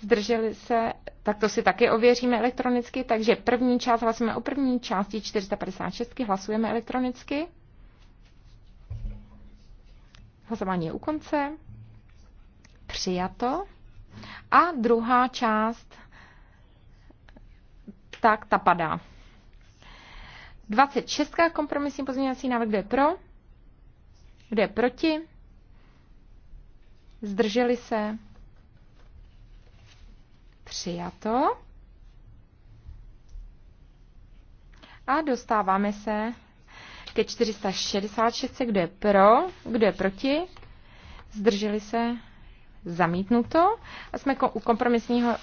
Zdrželi se, tak to si taky ověříme elektronicky. Takže první část hlasujeme o první části 456, hlasujeme elektronicky. Hlasování je u konce. Přijato. A druhá část, tak ta padá. 26. kompromisní pozměňovací návrh, kdo je pro? Kdo je proti? Zdrželi se? Přijato. A dostáváme se ke 466, kdo je pro, kdo je proti, zdrželi se, zamítnuto. A jsme u kompromisního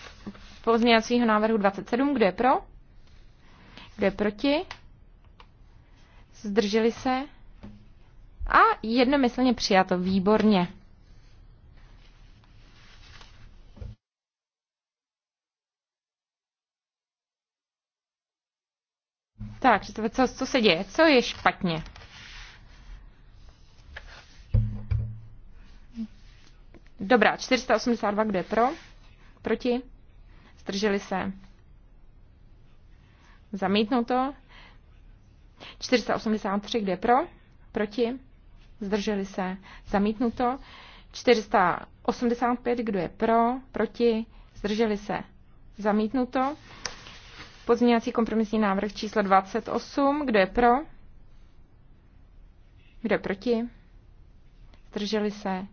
pozměňovacího návrhu 27. Kdo je pro? Kdo je proti? Zdrželi se? A jednomyslně přijato. Výborně. Tak, co, co se děje? Co je špatně? Dobrá, 482, kdo je pro? Proti? Zdrželi se? to. 483, kde pro? Proti? Zdrželi se? to. 485, kdo je pro? Proti? Zdrželi se? to. Pozměňovací kompromisní návrh číslo 28, kdo je pro? Kdo je proti? Zdrželi se?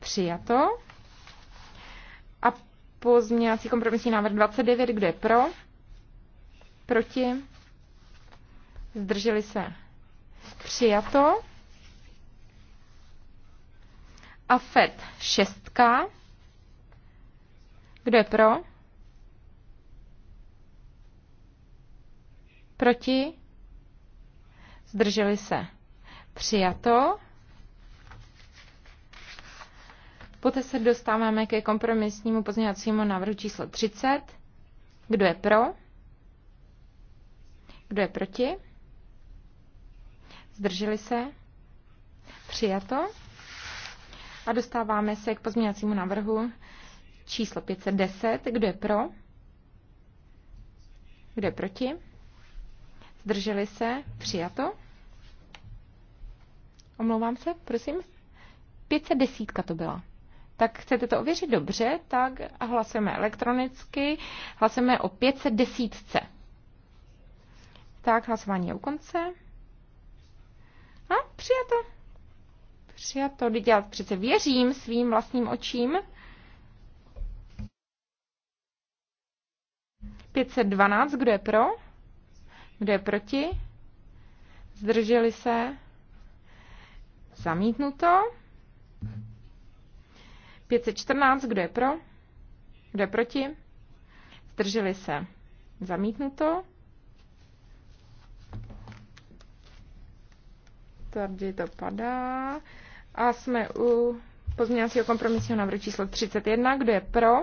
Přijato. A pozměňovací kompromisní návrh 29, kdo je pro? Proti? Zdrželi se. Přijato. A FED 6. Kdo je pro? Proti? Zdrželi se. Přijato. Poté se dostáváme ke kompromisnímu pozměňovacímu návrhu číslo 30. Kdo je pro? Kdo je proti? Zdrželi se? Přijato. A dostáváme se k pozměňovacímu návrhu číslo 510. Kdo je pro? Kdo je proti? Zdrželi se? Přijato. Omlouvám se, prosím. 510 to byla tak chcete to ověřit dobře, tak hlasujeme elektronicky, hlasujeme o 510. Tak, hlasování je u konce. A přijato. Přijato, teď já přece věřím svým vlastním očím. 512, kdo je pro? Kdo je proti? Zdrželi se? Zamítnuto. 514, kdo je pro? Kdo je proti? Zdrželi se. Zamítnuto. Tady to padá. A jsme u pozměňovacího kompromisního návrhu číslo 31. Kdo je pro?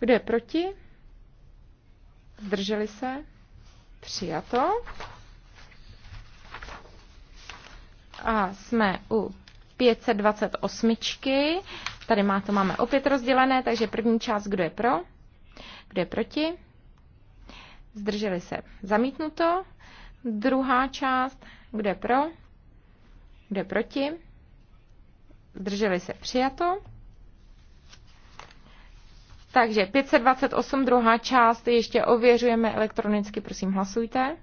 Kdo je proti? Zdrželi se? Přijato. A jsme u 528. Tady má, to máme opět rozdělené, takže první část, kdo je pro, kdo je proti. Zdrželi se zamítnuto. Druhá část, kdo je pro, kdo je proti. Zdrželi se přijato. Takže 528 druhá část ještě ověřujeme elektronicky, prosím hlasujte.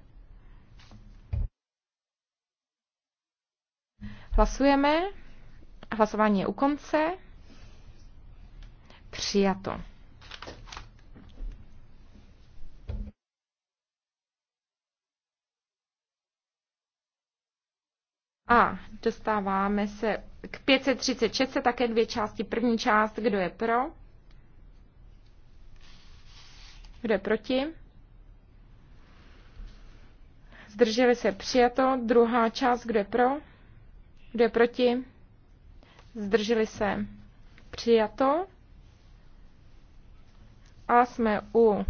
Hlasujeme. Hlasování je u konce. Přijato. A dostáváme se k 536, také dvě části. První část, kdo je pro? Kdo je proti? Zdrželi se přijato. Druhá část, kdo je pro? Kdo je proti? zdrželi se, přijato. A jsme u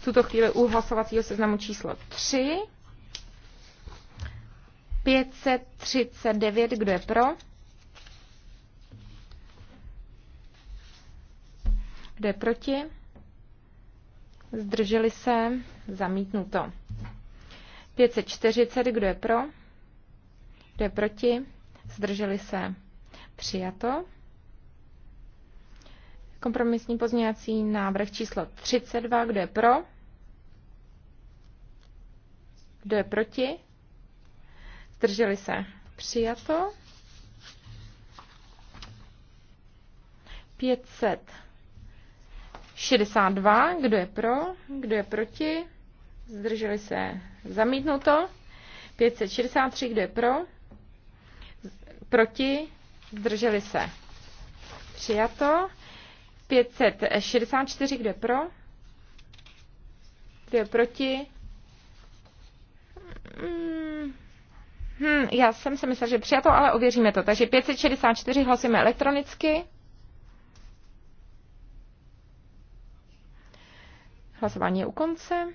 v tuto chvíli u hlasovacího seznamu číslo 3. 539, kdo je pro? Kdo je proti? Zdrželi se? Zamítnuto. 540, kdo je pro? Kdo je proti? zdrželi se, přijato. Kompromisní pozměňovací návrh číslo 32, kdo je pro? Kdo je proti? Zdrželi se, přijato. 562, kdo je pro, kdo je proti, zdrželi se zamítnuto, 563, kdo je pro, proti, zdrželi se. Přijato. 564, kdo je pro? Kdo je proti? Hmm, já jsem si myslel, že přijato, ale ověříme to. Takže 564 hlasujeme elektronicky. Hlasování je u konce.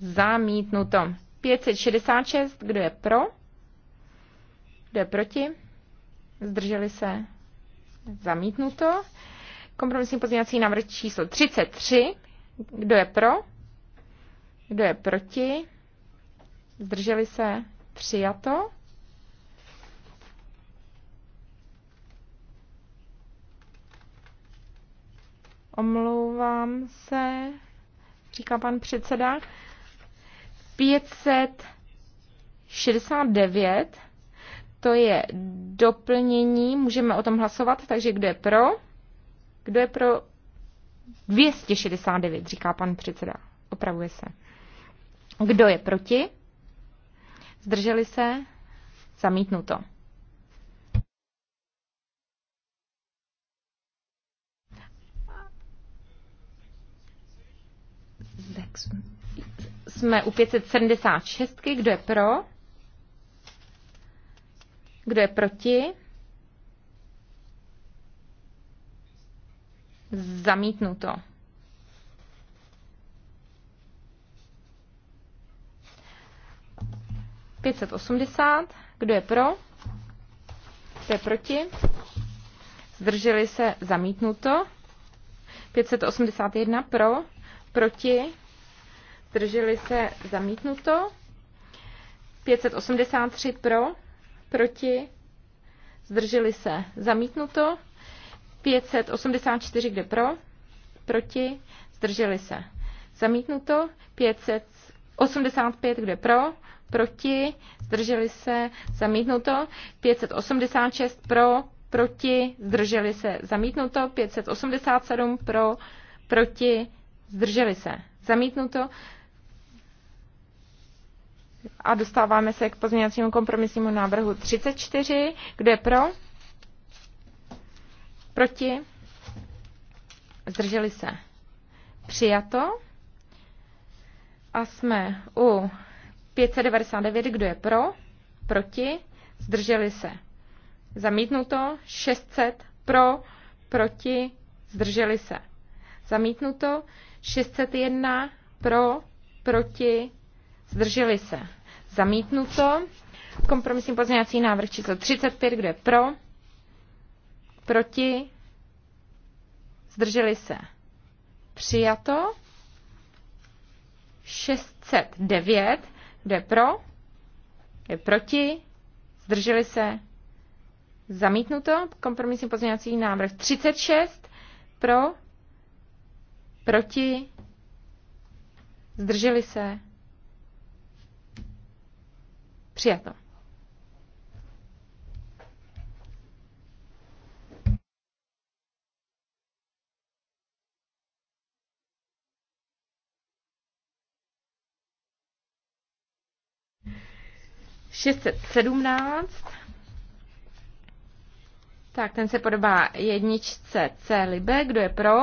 Zamítnuto. 566, kdo je pro? Kdo je proti? Zdrželi se? Zamítnuto. Kompromisní pozměňovací návrh číslo 33. Kdo je pro? Kdo je proti? Zdrželi se? Přijato. Omlouvám se, říká pan předseda. 569 to je doplnění, můžeme o tom hlasovat, takže kdo je pro? Kdo je pro 269, říká pan předseda. Opravuje se. Kdo je proti? Zdrželi se? Zamítnuto. Jsme u 576. Kdo je pro? Kdo je proti? Zamítnuto. Pětset osmdesát. Kdo je pro? Kdo je proti? Zdrželi se zamítnuto. 581 pro, proti, zdrželi se zamítnuto. 583 pro, proti, zdrželi se, zamítnuto. 584, kde pro, proti, zdrželi se, zamítnuto. 585, kde pro, proti, zdrželi se, zamítnuto. 586 pro, proti, zdrželi se, zamítnuto. 587 pro, proti, zdrželi se, zamítnuto. A dostáváme se k pozměňovacímu kompromisnímu návrhu 34. Kdo je pro? Proti? Zdrželi se. Přijato. A jsme u 599. Kdo je pro? Proti? Zdrželi se. Zamítnuto. 600. Pro? Proti? Zdrželi se. Zamítnuto. 601. Pro? Proti? zdrželi se, zamítnuto. Kompromisní pozměňovací návrh číslo 35, kdo je pro, proti, zdrželi se, přijato. 609, kdo je pro, je proti, zdrželi se, zamítnuto. Kompromisní pozměňovací návrh 36, pro, proti, zdrželi se, Přijato. Šestset sedmnáct. Tak, ten se podobá jedničce C libe. Kdo je pro?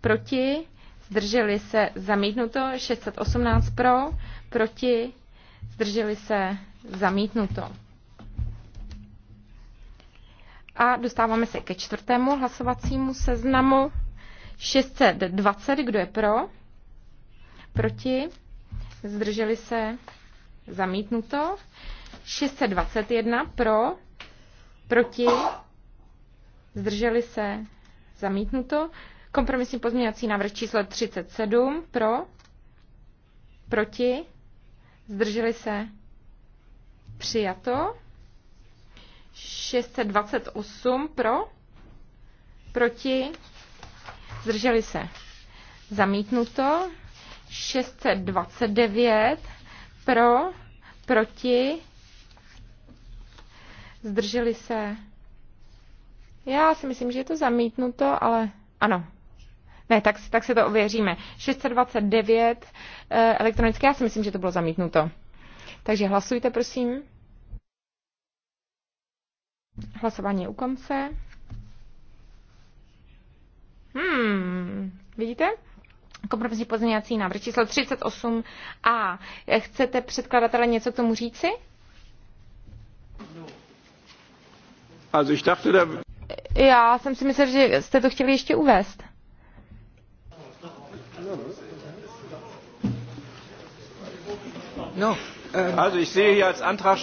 Proti? Zdrželi se zamítnuto. 618 pro? Proti? Zdrželi se zamítnuto. A dostáváme se ke čtvrtému hlasovacímu seznamu. 620, kdo je pro? Proti? Zdrželi se? Zamítnuto. 621 pro? Proti? Zdrželi se? Zamítnuto. Kompromisní pozměňovací návrh číslo 37 pro? Proti? Zdrželi se? Přijato. 628 pro. Proti. Zdrželi se. Zamítnuto. 629 pro. Proti. Zdrželi se. Já si myslím, že je to zamítnuto, ale ano. Ne, tak, tak se to ověříme. 629 eh, elektronické, já si myslím, že to bylo zamítnuto. Takže hlasujte, prosím. Hlasování je u konce. Hmm, vidíte? Kompromisní pozměňovací návrh číslo 38a. Chcete předkladatele něco k tomu říci? Also ich dachte, da... Já jsem si myslel, že jste to chtěli ještě uvést. No. Eh, also ich sehe hier als Antrag...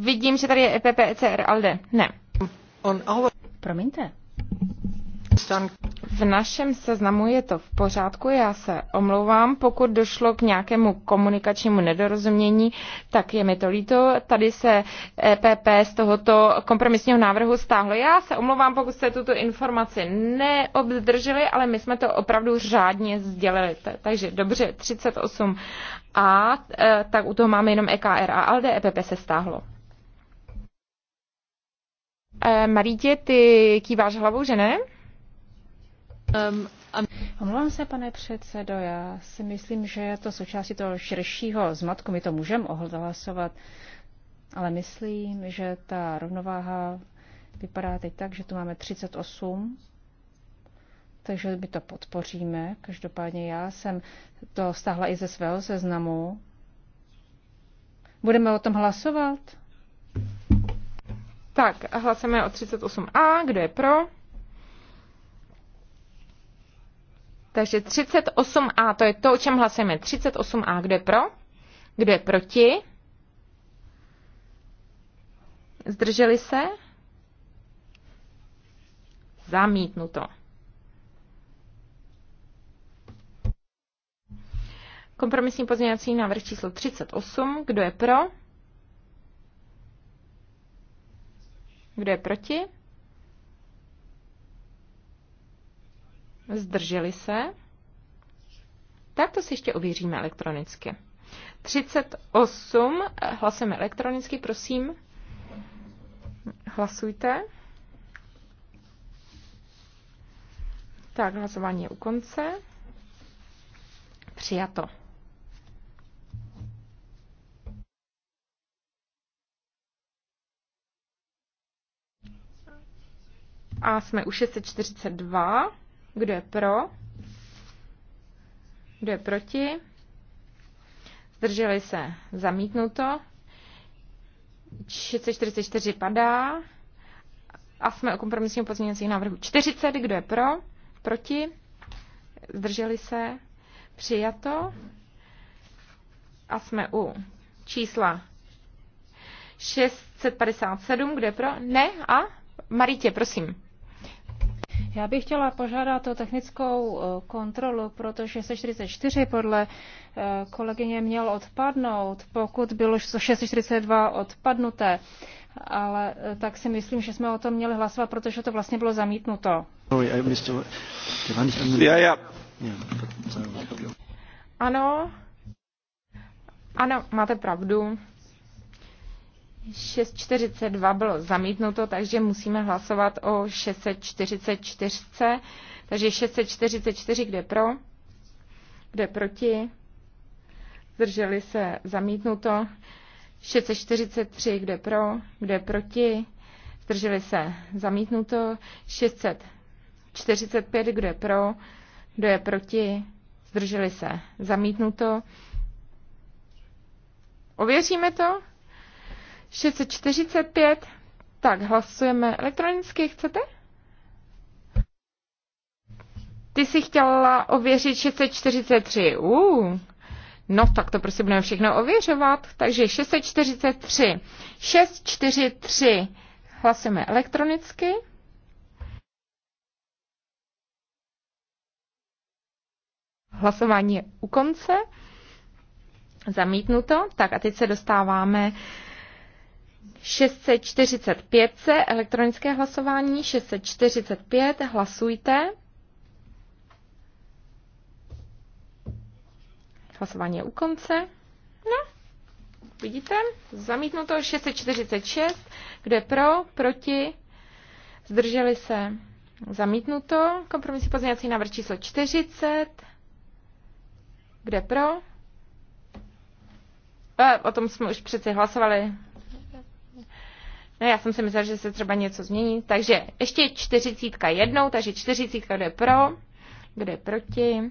Vidím, že tady je EPP, ECR, ALDE. Ne. Promiňte v našem seznamu je to v pořádku. Já se omlouvám, pokud došlo k nějakému komunikačnímu nedorozumění, tak je mi to líto. Tady se EPP z tohoto kompromisního návrhu stáhlo. Já se omlouvám, pokud jste tuto informaci neobdrželi, ale my jsme to opravdu řádně sdělili. Takže dobře, 38 a e, tak u toho máme jenom EKR a ALDE, EPP se stáhlo. E, Marítě, ty kýváš hlavou, že ne? Um, um, Omlouvám se, pane předsedo, já si myslím, že je to součástí toho širšího zmatku. My to můžeme ohlasovat, ale myslím, že ta rovnováha vypadá teď tak, že tu máme 38 takže my to podpoříme. Každopádně já jsem to stáhla i ze svého seznamu. Budeme o tom hlasovat? Tak, hlasujeme o 38a. Kdo je pro? Takže 38a, to je to, o čem hlasujeme. 38a, kdo je pro? Kdo je proti? Zdrželi se? Zamítnuto. Kompromisní pozměňovací návrh číslo 38. Kdo je pro? Kdo je proti? zdrželi se, tak to si ještě ověříme elektronicky. 38, eh, hlasujeme elektronicky, prosím. Hlasujte. Tak, hlasování je u konce. Přijato. A jsme u 642. Kdo je pro? Kdo je proti? Zdrželi se zamítnuto. 644 padá. A jsme o kompromisním pozměňovacím návrhu 40. Kdo je pro? Proti? Zdrželi se? Přijato. A jsme u čísla 657. Kdo je pro? Ne. A? Maritě, prosím. Já bych chtěla požádat o technickou eh, kontrolu, protože 644 podle eh, kolegyně měl odpadnout, pokud bylo 642 odpadnuté. Ale eh, tak si myslím, že jsme o tom měli hlasovat, protože to vlastně bylo zamítnuto. Ano. Ano, máte pravdu. 642 bylo zamítnuto, takže musíme hlasovat o 644. Takže 644, kde pro, kde proti, zdrželi se zamítnuto. 643, kde pro, kde proti, zdrželi se zamítnuto. 645, kde pro, kdo je proti, zdrželi se zamítnuto. Ověříme to? 645. Tak, hlasujeme elektronicky, chcete? Ty jsi chtěla ověřit 643. Uh. No tak to prostě budeme všechno ověřovat. Takže 643. 643. Hlasujeme elektronicky. Hlasování je u konce. Zamítnuto. Tak a teď se dostáváme 645 elektronické hlasování, 645, hlasujte. Hlasování je u konce. No, vidíte, zamítnuto 646, kdo je pro, proti, zdrželi se, zamítnuto, kompromisní pozměňovací návrh číslo 40, kde pro, eh, o tom jsme už přeci hlasovali, No já jsem si myslela, že se třeba něco změní. Takže ještě čtyřicítka jednou, takže čtyřicítka kde pro, kde proti.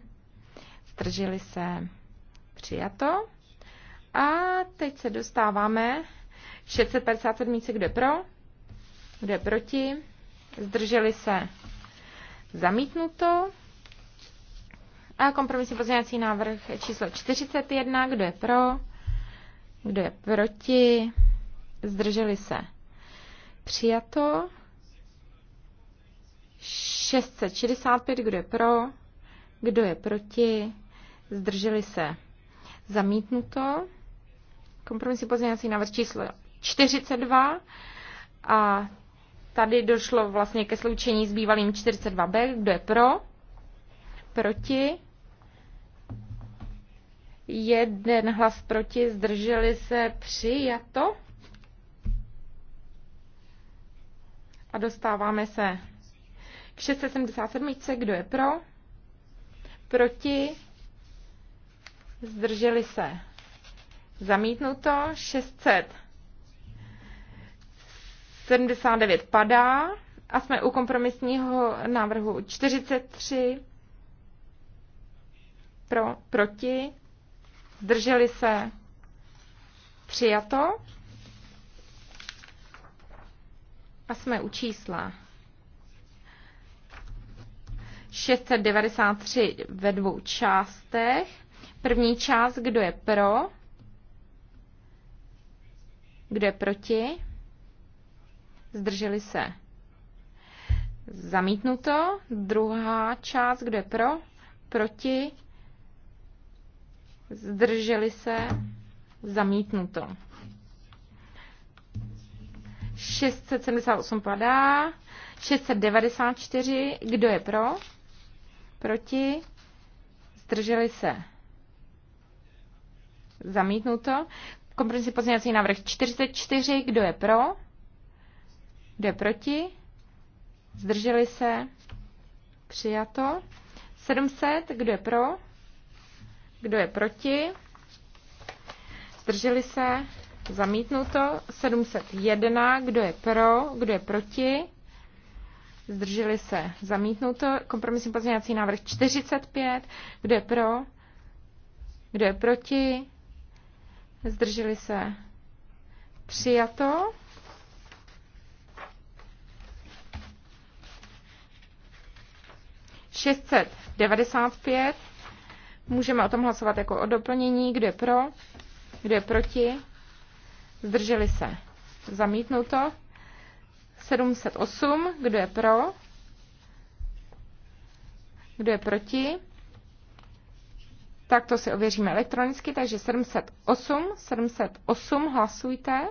Zdrželi se přijato. A teď se dostáváme 657, kde pro, kde proti. Zdrželi se zamítnuto. A kompromisní pozměňovací návrh číslo 41, kdo je pro, kdo je proti, zdrželi se Přijato. 665, kdo je pro, kdo je proti, zdrželi se. Zamítnuto. Kompromisní pozměňovací návrh číslo 42 a tady došlo vlastně ke sloučení s bývalým 42B. Kdo je pro? Proti? Jeden hlas proti, zdrželi se přijato. A dostáváme se k 677. Kdo je pro? Proti? Zdrželi se. Zamítnuto. 679 padá. A jsme u kompromisního návrhu 43. Pro, proti? Zdrželi se. Přijato. A jsme u čísla 693 ve dvou částech. První část, kdo je pro, kdo je proti, zdrželi se. Zamítnuto. Druhá část, kdo je pro, proti, zdrželi se, zamítnuto. 678 padá. 694. Kdo je pro? Proti? Zdrželi se? Zamítnuto. Kompromisní pozměňovací návrh 44. Kdo je pro? Kdo je proti? Zdrželi se? Přijato. 700. Kdo je pro? Kdo je proti? Zdrželi se? Zamítnuto. 701. Kdo je pro? Kdo je proti? Zdrželi se. Zamítnuto. Kompromisní pozměňovací návrh 45. Kdo je pro? Kdo je proti? Zdrželi se. Přijato. Šestset devadesát pět. Můžeme o tom hlasovat jako o doplnění. Kdo je pro? Kdo je proti? zdrželi se, zamítnuto. 708, kdo je pro, kdo je proti, tak to si ověříme elektronicky, takže 708, 708 hlasujte.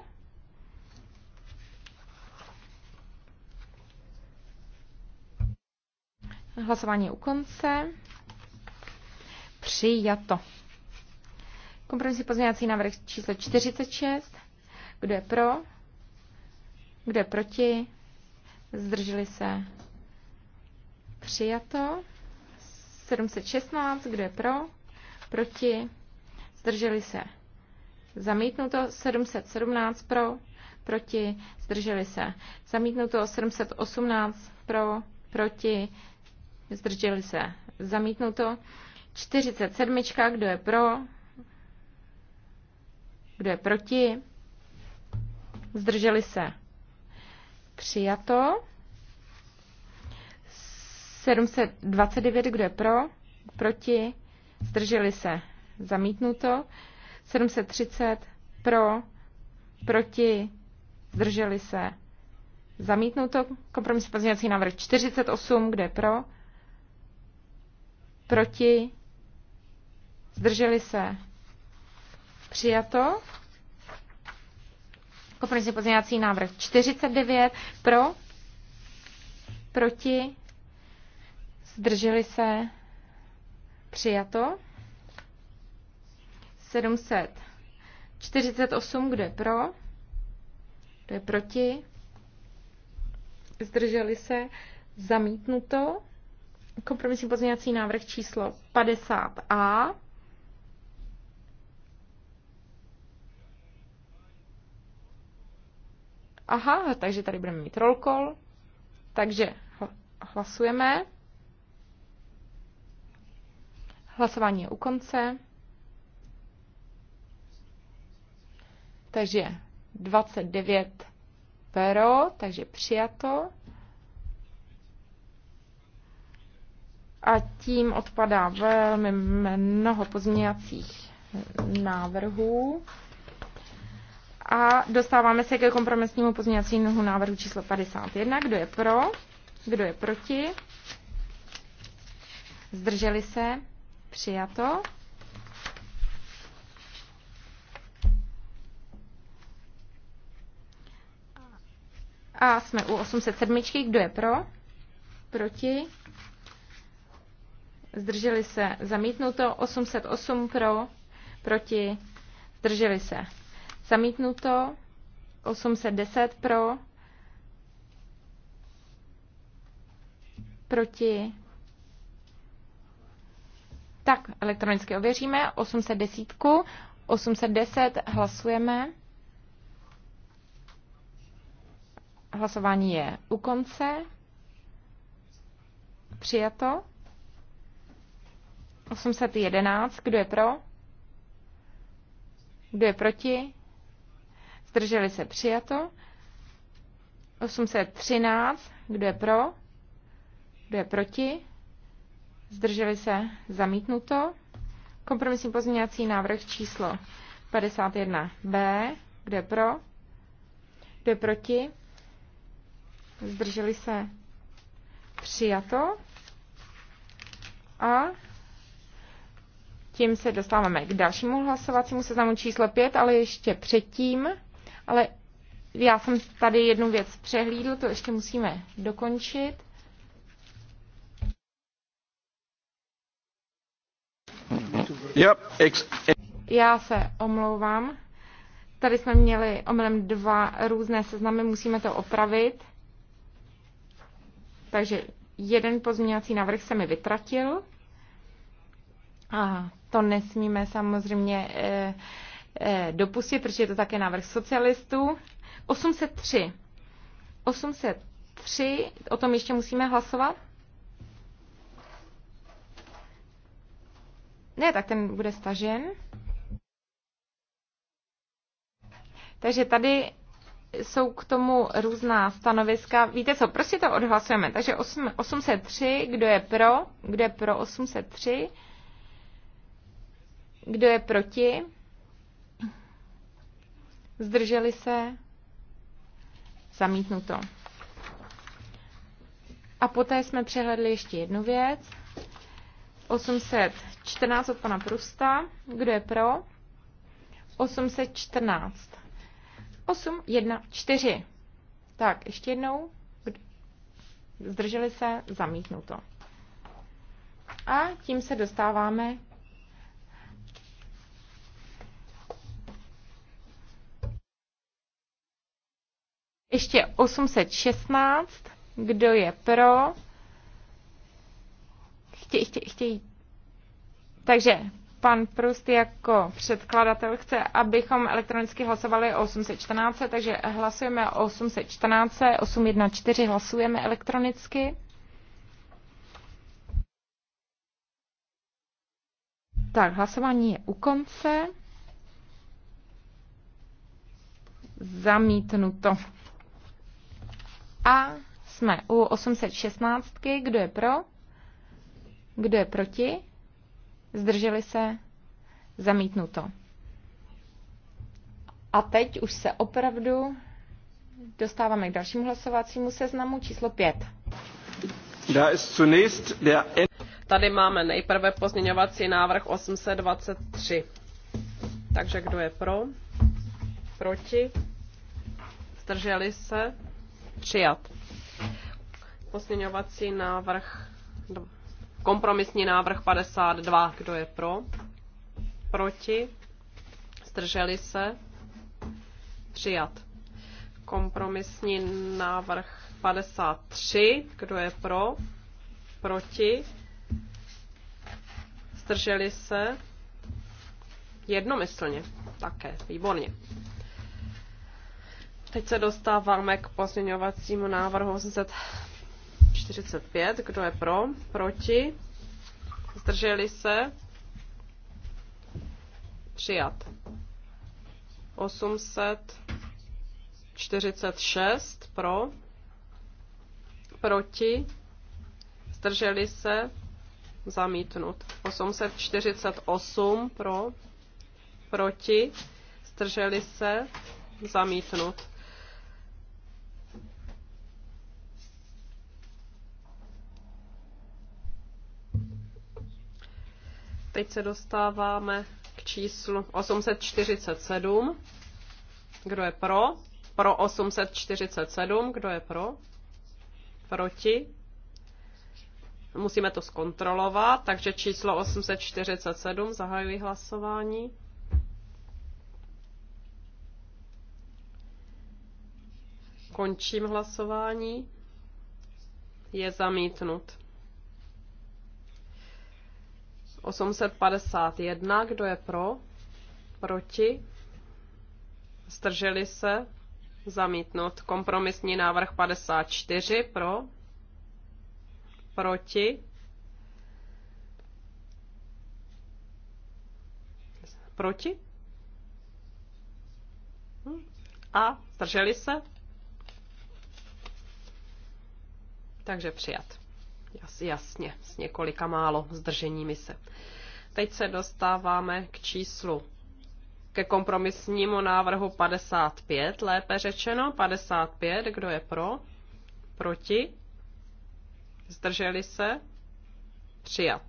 Hlasování u konce. Přijato. Kompromisní pozměňovací návrh číslo 46. Kdo je pro? Kdo je proti? Zdrželi se? Přijato. 716. Kdo je pro? Proti? Zdrželi se? Zamítnuto. 717 pro? Proti? Zdrželi se? Zamítnuto. 718 pro? Proti? Zdrželi se? Zamítnuto. 47. Kdo je pro? Kdo je proti? zdrželi se. Přijato. 729, kdo je pro, proti, zdrželi se. Zamítnuto. 730, pro, proti, zdrželi se. Zamítnuto. Kompromis pozměňovací návrh 48, kde je pro, proti, zdrželi se. Přijato. Kompromisní pozměňovací návrh 49 pro, proti, zdrželi se, přijato. 748, kdo je pro, kdo je proti, zdrželi se, zamítnuto. Kompromisní pozměňovací návrh číslo 50a Aha, takže tady budeme mít roll call. Takže hlasujeme. Hlasování je u konce. Takže 29 pero, takže přijato. A tím odpadá velmi mnoho pozměňovacích návrhů. A dostáváme se ke kompromisnímu pozměňovacímu návrhu číslo 51. Kdo je pro? Kdo je proti? Zdrželi se? Přijato. A jsme u 807. Kdo je pro? Proti? Zdrželi se? Zamítnuto. 808 pro? Proti? Zdrželi se? Zamítnuto. 810 pro. Proti. Tak, elektronicky ověříme. 810. 810 hlasujeme. Hlasování je u konce. Přijato. 811. Kdo je pro? Kdo je proti? zdrželi se přijato. 813, kdo je pro, kdo je proti, zdrželi se zamítnuto. Kompromisní pozměňovací návrh číslo 51b, kdo je pro, kdo je proti, zdrželi se přijato. A tím se dostáváme k dalšímu hlasovacímu seznamu číslo 5, ale ještě předtím ale já jsem tady jednu věc přehlídl, to ještě musíme dokončit. Yep, ex- já se omlouvám. Tady jsme měli omylem dva různé seznamy, musíme to opravit. Takže jeden pozměňovací návrh se mi vytratil. A to nesmíme samozřejmě eh, Eh, dopustit, protože je to také návrh socialistů. 803. 803, o tom ještě musíme hlasovat? Ne, tak ten bude stažen. Takže tady jsou k tomu různá stanoviska. Víte co, prostě to odhlasujeme. Takže 8, 803, kdo je pro, kdo je pro 803, kdo je proti, Zdrželi se? Zamítnuto. A poté jsme přehledli ještě jednu věc. 814 od pana Prusta. Kdo je pro? 814. 8, 1, 4. Tak, ještě jednou. Zdrželi se? Zamítnuto. A tím se dostáváme Ještě 816, kdo je pro? Chtějí, chtějí, chtějí. Takže pan Prust jako předkladatel chce, abychom elektronicky hlasovali o 814, takže hlasujeme o 814, 814 hlasujeme elektronicky. Tak, hlasování je u konce. Zamítnuto. A jsme u 816. Kdo je pro? Kdo je proti? Zdrželi se? Zamítnuto. A teď už se opravdu dostáváme k dalšímu hlasovacímu seznamu číslo 5. Tady máme nejprve pozměňovací návrh 823. Takže kdo je pro? Proti? Zdrželi se? Přijat. Posměňovací návrh, kompromisní návrh 52. Kdo je pro? Proti? Zdrželi se? Přijat. Kompromisní návrh 53. Kdo je pro? Proti? Zdrželi se? Jednomyslně také. Výborně. Teď se dostáváme k pozměňovacímu návrhu 845. Kdo je pro? Proti? Zdrželi se? Přijat. 846 pro, proti, zdrželi se, zamítnut. 848 pro, proti, zdrželi se, zamítnut. Teď se dostáváme k číslu 847. Kdo je pro? Pro 847. Kdo je pro? Proti? Musíme to zkontrolovat, takže číslo 847 zahajuji hlasování. Končím hlasování. Je zamítnut. 851, kdo je pro? Proti? Zdrželi se? Zamítnut. Kompromisní návrh 54 pro? Proti? Proti? A zdrželi se? Takže přijat. Jas, jasně, s několika málo zdrženími se. Teď se dostáváme k číslu ke kompromisnímu návrhu 55, lépe řečeno 55, kdo je pro, proti, zdrželi se, přijat.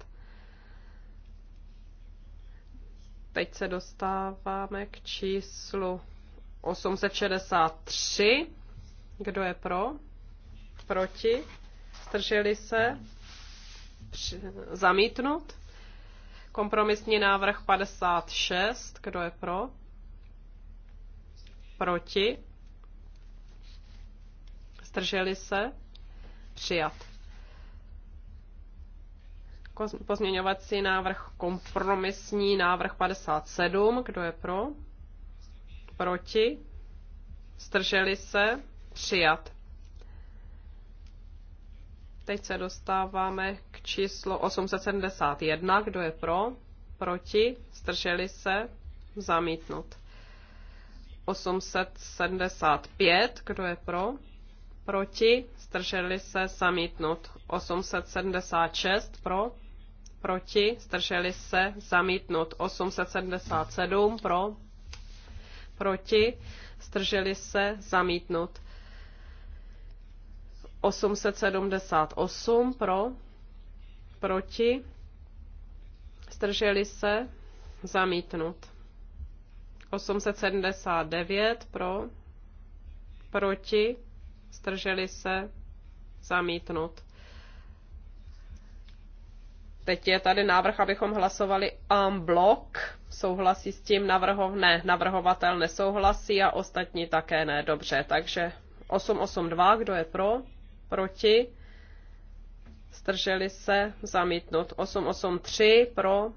Teď se dostáváme k číslu 863, kdo je pro, proti, Zdrželi se? Zamítnut. Kompromisní návrh 56. Kdo je pro? Proti? Zdrželi se? Přijat. Pozměňovací návrh kompromisní návrh 57. Kdo je pro? Proti? Zdrželi se? Přijat. Teď se dostáváme k číslu 871. Kdo je pro? Proti? Strželi se? Zamítnut. 875. Kdo je pro? Proti? Strželi se? Zamítnut. 876. Pro? Proti? Strželi se? Zamítnut. 877. Pro? Proti? Strželi se? Zamítnut. 878 pro, proti, strželi se, zamítnut. 879 pro, proti, strželi se, zamítnut. Teď je tady návrh, abychom hlasovali en bloc. Souhlasí s tím navrhov... ne, navrhovatel nesouhlasí a ostatní také ne. Dobře, takže 882, kdo je pro? proti, zdrželi se, zamítnut. 883 pro,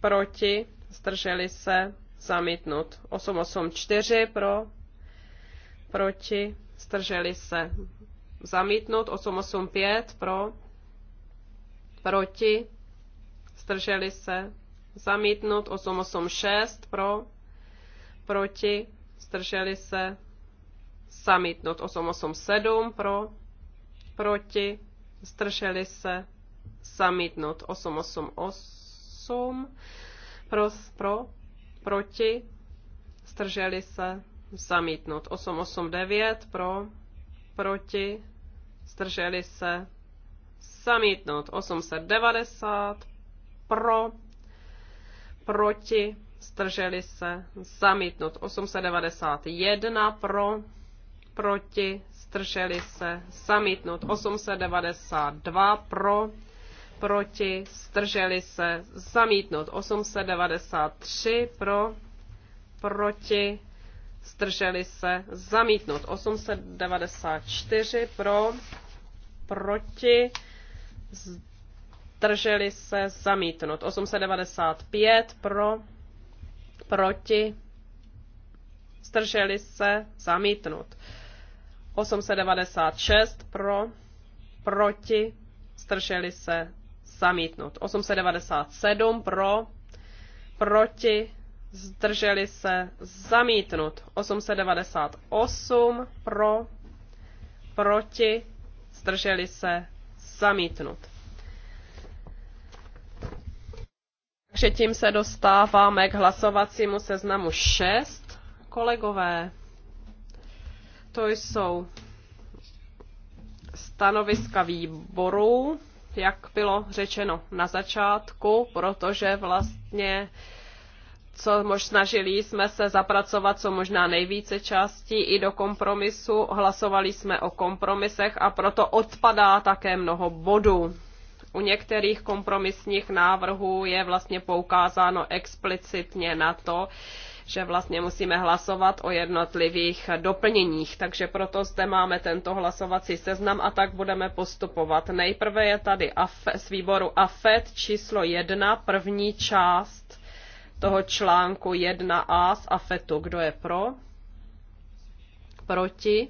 proti, zdrželi se, zamítnut. 884 pro, proti, zdrželi se, zamítnut. 885 pro, proti, zdrželi se, zamítnut. 886 pro, proti, zdrželi se, zamítnout 887 pro, proti, zdrželi se, zamítnout 888 pro, pro proti, zdrželi se, zamítnout 889 pro, proti, zdrželi se, zamítnout 890 pro, proti, zdrželi se, zamítnout 891 pro, proti, strželi se, zamítnut 892 pro, proti, strželi se, zamítnut 893 pro, proti, strželi se, zamítnut 894 pro, proti, strželi se, zamítnut 895 pro, proti, strželi se, zamítnut 896 pro, proti, strželi se, zamítnut. 897 pro, proti, zdrželi se, zamítnut. 898 pro, proti, zdrželi se, zamítnut. Takže tím se dostáváme k hlasovacímu seznamu 6. Kolegové, to jsou stanoviska výboru, jak bylo řečeno na začátku, protože vlastně co mož snažili jsme se zapracovat co možná nejvíce částí i do kompromisu. Hlasovali jsme o kompromisech a proto odpadá také mnoho bodů. U některých kompromisních návrhů je vlastně poukázáno explicitně na to, že vlastně musíme hlasovat o jednotlivých doplněních, takže proto zde máme tento hlasovací seznam a tak budeme postupovat. Nejprve je tady e, z výboru AFET číslo 1, první část toho článku 1a z AFETu. Kdo je pro? Proti?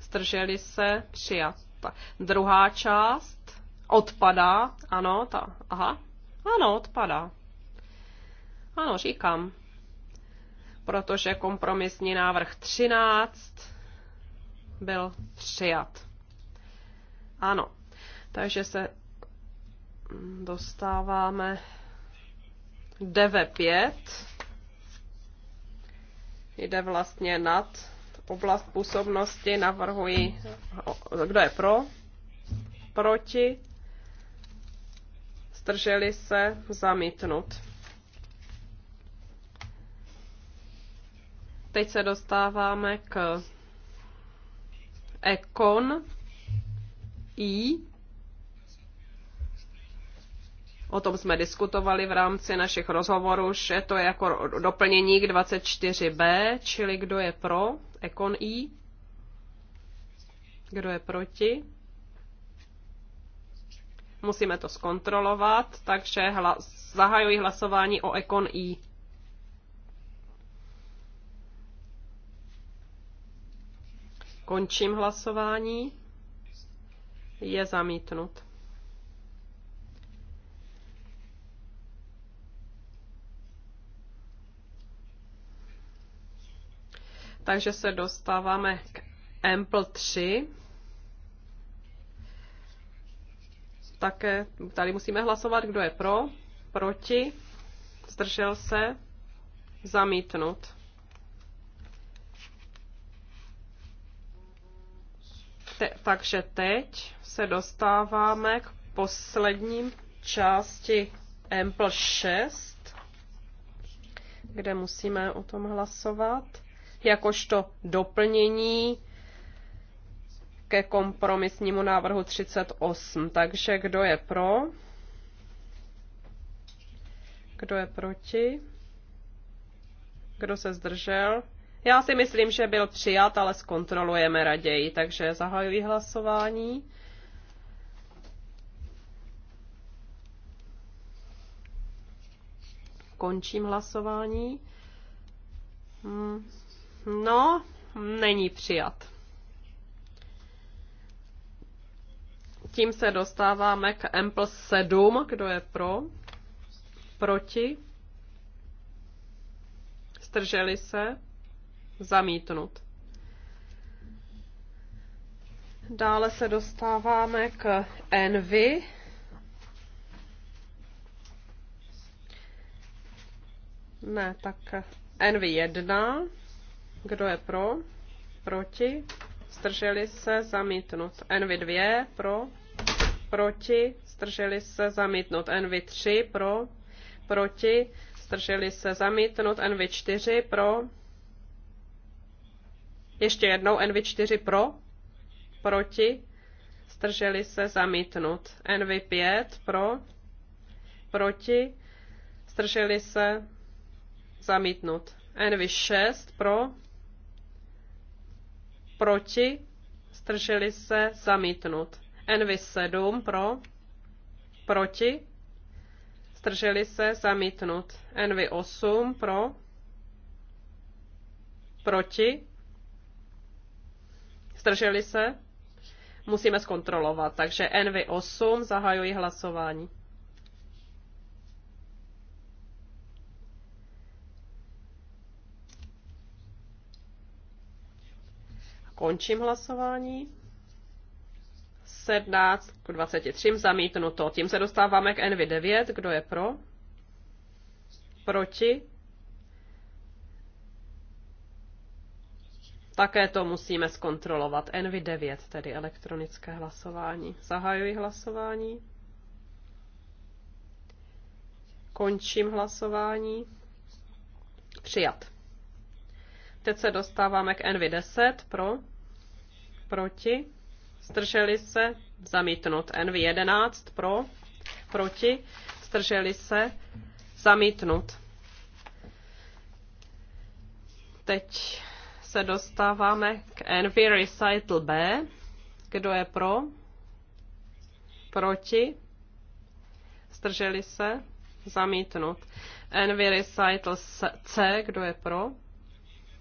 Zdrželi se? Přijat. Druhá část odpadá. Ano, ta, aha. Ano, odpadá. Ano, říkám protože kompromisní návrh 13 byl přijat. Ano, takže se dostáváme DV5. Jde vlastně nad oblast působnosti. Navrhuji, kdo je pro, proti, strželi se, zamítnut. Teď se dostáváme k Econ I. O tom jsme diskutovali v rámci našich rozhovorů, že to je jako doplnění k 24b, čili kdo je pro Econ I, kdo je proti. Musíme to zkontrolovat, takže hla- zahajuji hlasování o Econ I. Končím hlasování. Je zamítnut. Takže se dostáváme k Ample 3. Také tady musíme hlasovat, kdo je pro, proti, zdržel se, zamítnut. Te, takže teď se dostáváme k posledním části Ample 6, kde musíme o tom hlasovat, jakožto doplnění ke kompromisnímu návrhu 38. Takže kdo je pro? Kdo je proti? Kdo se zdržel? Já si myslím, že byl přijat, ale zkontrolujeme raději, takže zahajuji hlasování. Končím hlasování. Hmm. No, není přijat. Tím se dostáváme k M plus 7. Kdo je pro? Proti? strželi se? Zamítnut. Dále se dostáváme k envy. Ne, tak envy 1. Kdo je pro? Proti? Strželi se zamítnout. Envy 2 pro? Proti? Strželi se zamítnout. Envy 3 pro? Proti? Strželi se zamítnout. Envy 4 pro? Ještě jednou NV4 pro, proti, Strželi se zamítnut. NV5 pro, proti, Strželi se zamítnut. NV6 pro, proti, Strželi se zamítnut. NV7 pro, proti, Strželi se zamítnut. NV8 pro, proti, Zdrželi se? Musíme zkontrolovat. Takže NV8 zahajuji hlasování. Končím hlasování. 17 k 23 zamítnuto. Tím se dostáváme k NV9. Kdo je pro? Proti? Také to musíme zkontrolovat. NV9, tedy elektronické hlasování. Zahajuji hlasování. Končím hlasování. Přijat. Teď se dostáváme k NV10 pro, proti, Strželi se, zamítnut. NV11 pro, proti, Strželi se, zamítnut. Teď se dostáváme k Envy Recital B. Kdo je pro? Proti? Zdrželi se? Zamítnut. Envy Recital C. Kdo je pro?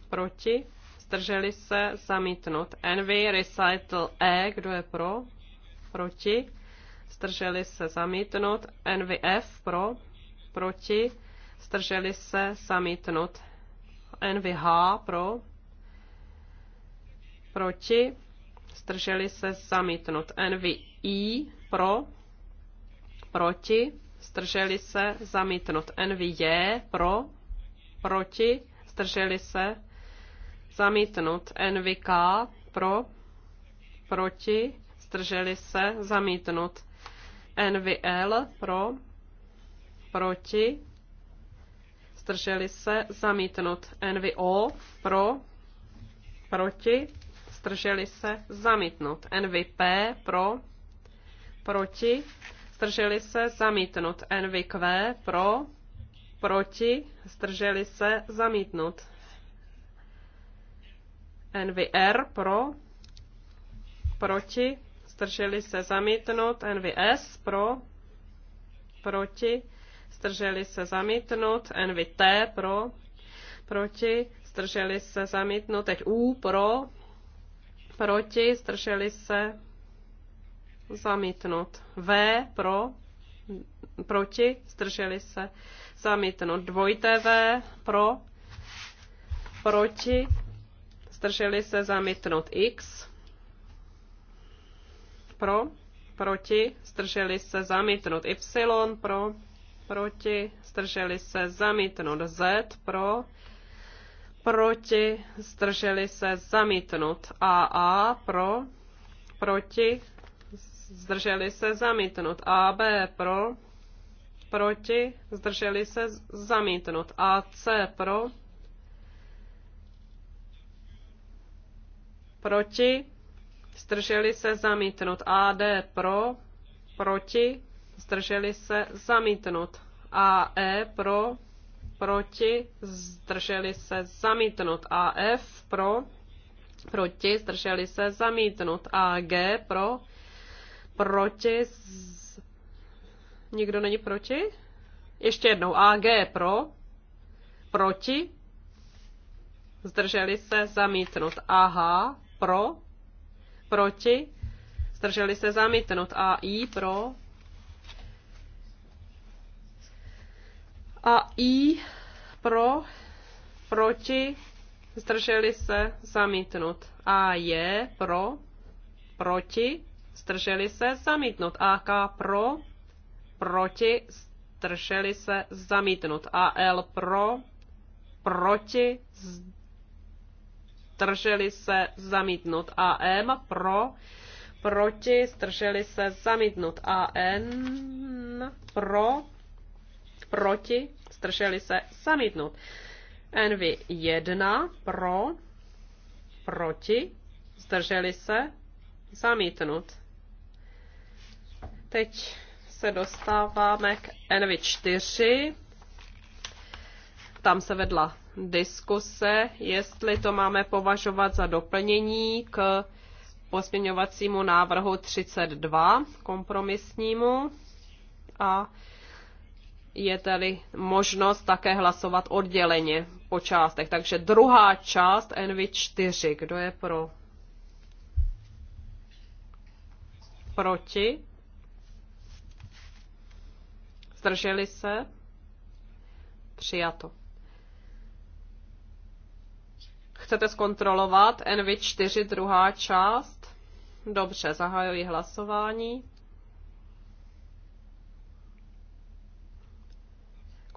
Proti? Zdrželi se? Zamítnut. Envy Recital E. Kdo je pro? Proti? Zdrželi se? Zamítnut. Envy F. Pro? Proti? Zdrželi se? Zamítnut. H. pro, proti, zdrželi se zamítnut. NVI pro, proti, zdrželi se zamítnut. NVJ pro, proti, zdrželi se zamítnut. NVK pro, proti, zdrželi se zamítnut. NVL pro, proti, zdrželi se zamítnut. NVO pro, proti, zdrželi se, zamítnut. NVP pro, proti, zdrželi se, zamítnut. NVQ pro, proti, zdrželi se, zamítnut. NVR pro, proti, zdrželi se, zamítnut. NVS pro, proti, zdrželi se, zamítnut. NVT pro, proti, zdrželi se, zamítnut. Teď U pro, proti, zdrželi se, zamítnut. V pro, proti, zdrželi se, zamítnut. Dvojité V pro, proti, zdrželi se, zamítnut. X pro, proti, zdrželi se, zamítnut. Y pro, proti, zdrželi se, zamítnout Z pro, proti, zdrželi se, zamítnut. AA pro, proti, zdrželi se, zamítnut. AB pro, proti, zdrželi se, zamítnut. AC pro, proti, zdrželi se, zamítnut. AD pro, proti, zdrželi se, zamítnut. AE pro, proti, zdrželi se zamítnout. F pro, proti, zdrželi se zamítnout. G pro, proti, z... nikdo není proti? Ještě jednou, A G pro, proti, zdrželi se zamítnout. H pro, proti, zdrželi se zamítnout. I pro, A I pro, proti, zdrželi se, zamítnut. A je pro, proti, zdrželi se, zamítnut. k pro, proti, zdrželi se, zamítnut. l pro, proti, zdrželi se, zamítnut. m pro, proti, zdrželi se, zamítnut. n pro, proti, zdrželi se, zamítnout. nv 1 pro, proti, zdrželi se, zamítnout. Teď se dostáváme k NV 4. Tam se vedla diskuse, jestli to máme považovat za doplnění k pozměňovacímu návrhu 32 kompromisnímu a je tedy možnost také hlasovat odděleně po částech. Takže druhá část NV4. Kdo je pro? Proti? Zdrželi se? Přijato. Chcete zkontrolovat NV4 druhá část? Dobře, zahajuji hlasování.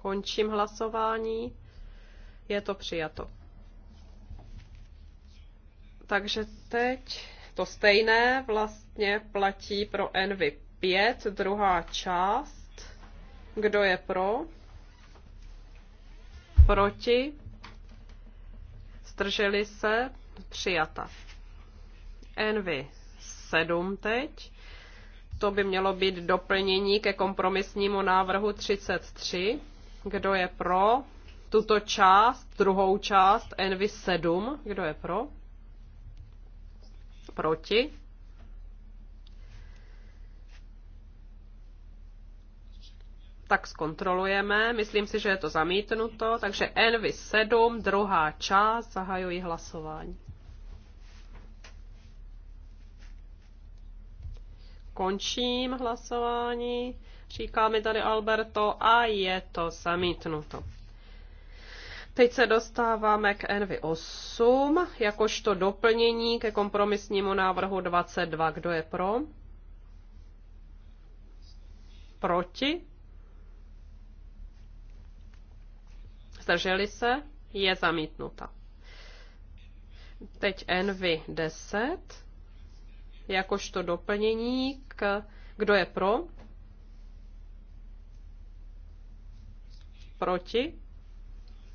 Končím hlasování. Je to přijato. Takže teď to stejné vlastně platí pro Envy 5, druhá část. Kdo je pro? Proti? Strželi se? Přijata. Envy 7 teď. To by mělo být doplnění ke kompromisnímu návrhu 33. Kdo je pro tuto část, druhou část Envy 7? Kdo je pro? Proti? tak zkontrolujeme. Myslím si, že je to zamítnuto. Takže Envy 7, druhá část, zahajuji hlasování. Končím hlasování. Říká mi tady Alberto a je to zamítnuto. Teď se dostáváme k Nv 8, jakožto doplnění ke kompromisnímu návrhu 22. Kdo je pro? Proti? Zdrželi se? Je zamítnuta. Teď Nv 10, jakožto doplnění k... Kdo je pro? Proti?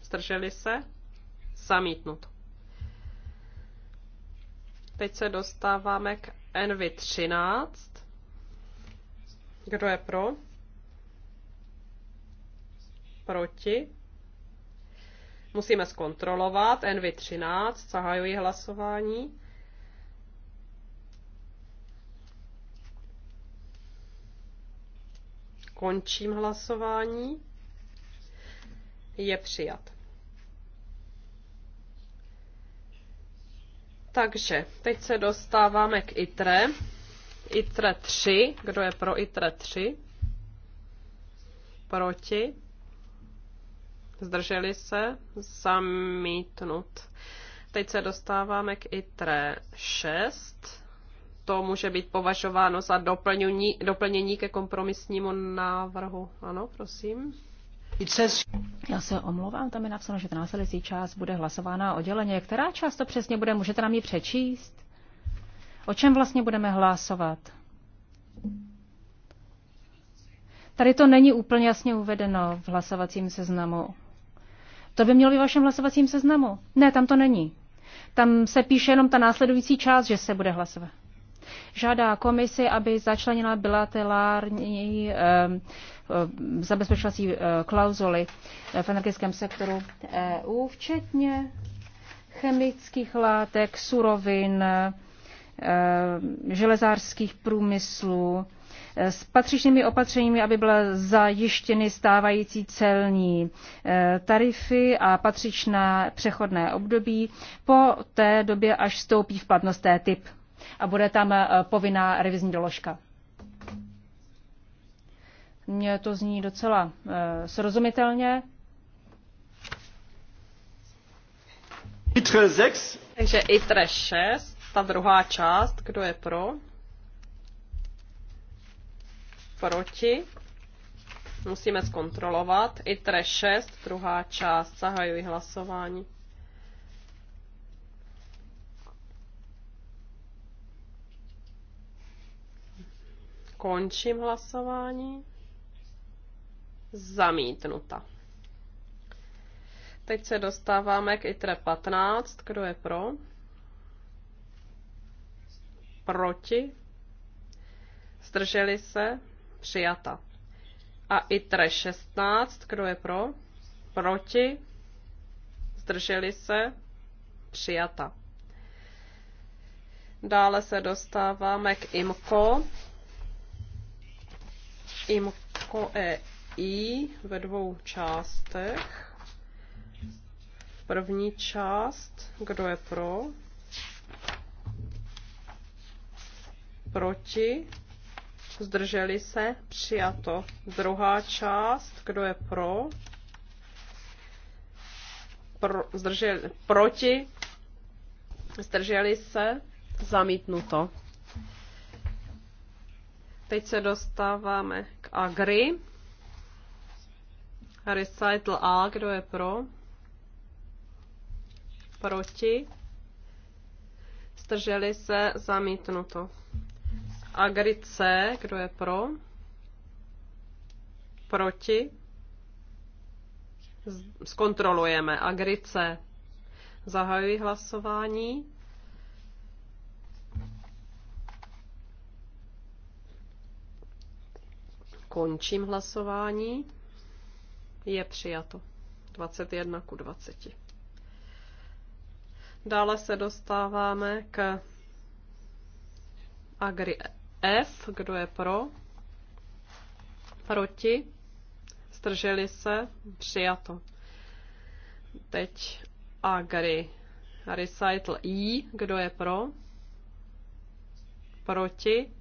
Zdrželi se? Zamítnut. Teď se dostáváme k NV13. Kdo je pro? Proti? Musíme zkontrolovat. NV13. Zahajuji hlasování. Končím hlasování je přijat. Takže teď se dostáváme k ITRE. ITRE 3. Kdo je pro ITRE 3? Proti? Zdrželi se? Zamítnut. Teď se dostáváme k ITRE 6. To může být považováno za doplnění, doplnění ke kompromisnímu návrhu. Ano, prosím. Já se omlouvám, tam je napsáno, že ta následující část bude hlasována odděleně. Která část to přesně bude? Můžete nám ji přečíst? O čem vlastně budeme hlasovat? Tady to není úplně jasně uvedeno v hlasovacím seznamu. To by mělo být v vašem hlasovacím seznamu. Ne, tam to není. Tam se píše jenom ta následující část, že se bude hlasovat žádá komisi, aby začlenila bilaterální zabezpečovací klauzuly eh, v energetickém sektoru EU, včetně chemických látek, surovin, železářských průmyslů, eh, s patřičnými opatřeními, aby byly zajištěny stávající celní eh, tarify a patřičná přechodné období po té době, až vstoupí v platnost té typ a bude tam eh, povinná revizní doložka. Mně to zní docela eh, srozumitelně. ITRE 6. Takže ITRE 6, ta druhá část, kdo je pro? Proti? Musíme zkontrolovat. ITRE 6, druhá část, zahajuji hlasování. Končím hlasování. Zamítnuta. Teď se dostáváme k ITRE 15. Kdo je pro? Proti? Zdrželi se? Přijata. A ITRE 16. Kdo je pro? Proti? Zdrželi se? Přijata. Dále se dostáváme k IMCO. IMCO EI ve dvou částech. První část, kdo je pro, proti, zdrželi se, přijato. Druhá část, kdo je pro, pro zdrželi, proti, zdrželi se, zamítnuto. Teď se dostáváme k Agri. Recital A, kdo je pro? Proti? Strželi se, zamítnuto. Agri C, kdo je pro? Proti? Zkontrolujeme. Agri C. Zahajuji hlasování. Končím hlasování. Je přijato. 21 ku 20. Dále se dostáváme k Agri F. Kdo je pro? Proti? Strželi se? Přijato. Teď Agri Recital I. Kdo je pro? Proti?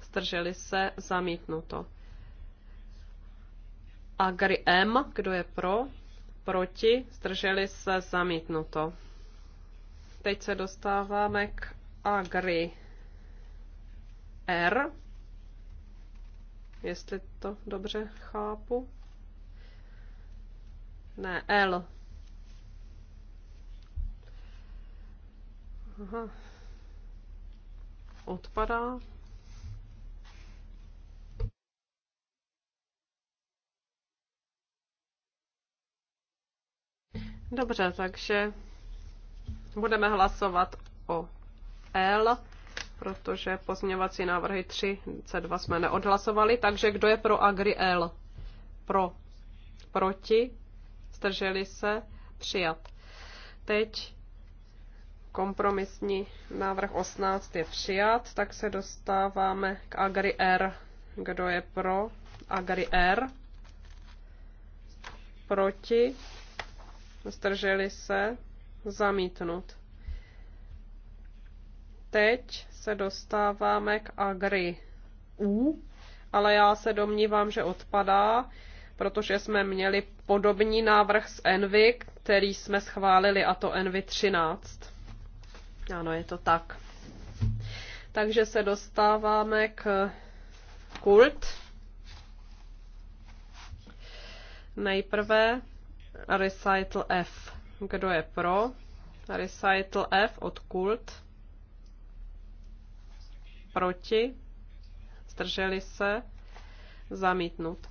Strželi se? Zamítnuto. Agri M, kdo je pro, proti, zdrželi se, zamítnuto. Teď se dostáváme k Agri R, jestli to dobře chápu. Ne, L. Aha. Odpadá. Dobře, takže budeme hlasovat o L, protože pozměňovací návrhy 3 C2 jsme neodhlasovali, takže kdo je pro Agri L? Pro. Proti. Zdrželi se. Přijat. Teď kompromisní návrh 18 je přijat, tak se dostáváme k Agri R. Kdo je pro Agri R? Proti zdrželi se, zamítnut. Teď se dostáváme k agri U, ale já se domnívám, že odpadá, protože jsme měli podobný návrh z Envy, který jsme schválili, a to Envy 13. Ano, je to tak. Takže se dostáváme k kult. Nejprve Recital F. Kdo je pro? Recital F od Kult. Proti? Zdrželi se? Zamítnut.